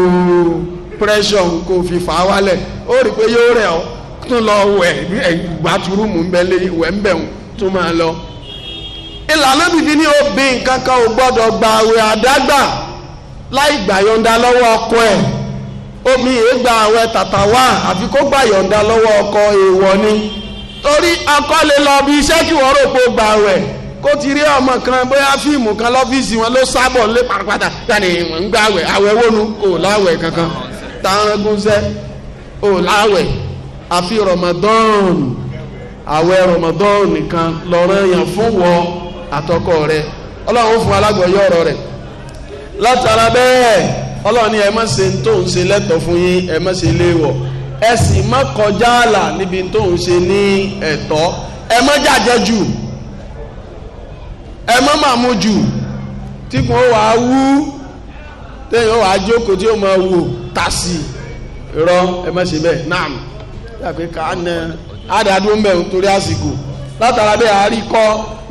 pressure kò fi fà á wálẹ̀ ó rí i pé yóò rẹ̀ ọ́ tún lọ wẹ̀ gbàtúrú mú bẹ́lẹ̀ wẹ̀ ń bẹ̀ tún máa lọ. ìlànà bìbí ní obìnrin kankan ò gbọ́dọ̀ gba àwẹ̀ àdágbà láì gbà yọ̀ǹda lọ́wọ́ ọkọ ẹ̀ omi èé gba àwẹ̀ tàtàwá àfi kó gbà yọ̀ǹda lọ́wọ́ ọkọ èèwọ̀ ni torí akọ́lé lọ bí iṣẹ́ kí wọ́n rò pé ó gba àwẹ̀ kó ti rí ọmọ kan bóyá fíìmù kan lọ́fíìsì wọn ló sábọ̀ lé pàápàá yàní ń gbà àwẹ̀ àwẹ̀ wónú kò láwẹ̀ kankan tààrangúnṣẹ́ ò láwẹ̀ àfi Ramadan àwẹ̀ Ramadan kan lọ́rọ̀ yàn fún wọ àtọkọ rẹ ọlọ́run fún alágbọ̀yọ̀ ọ̀rọ̀ rẹ. látara bẹ́ẹ̀ ọlọ́run ni ẹ má ṣe tó ń ṣe lẹ́tọ̀ fún yín ẹ má ṣe léèwọ̀ ẹ sì má kọjá níbi tó ń ní ẹ̀tọ́ ẹ má jàjẹ́ jù. ẹ mọ́ máa mú jù tí kò wá wú téèyàn wá jókòó tí ó máa wò rọ ẹ má ṣe naam yàgbé ká nà àdàdúró ń bẹ̀ àsìkò látara a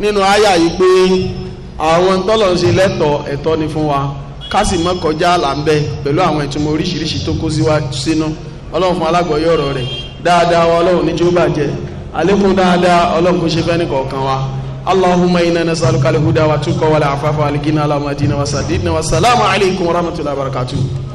nínú àyà yìí pé àwọn tọ́lọ̀ ń ẹ̀tọ́ ni fún wa ká sì mọ́ kọjá ń bẹ pẹ̀lú àwọn ìtumọ̀ oríṣiríṣi tó kó sínú ọlọ́run fún ọ̀rọ̀ rẹ̀ dáadáa wa ọlọ́run níjó bàjẹ́ dáadáa wa اللهم إنا نسألك الهدى والتقى والعفاف والغنى اللهم أدنا وسددنا والسلام عليكم ورحمة الله وبركاته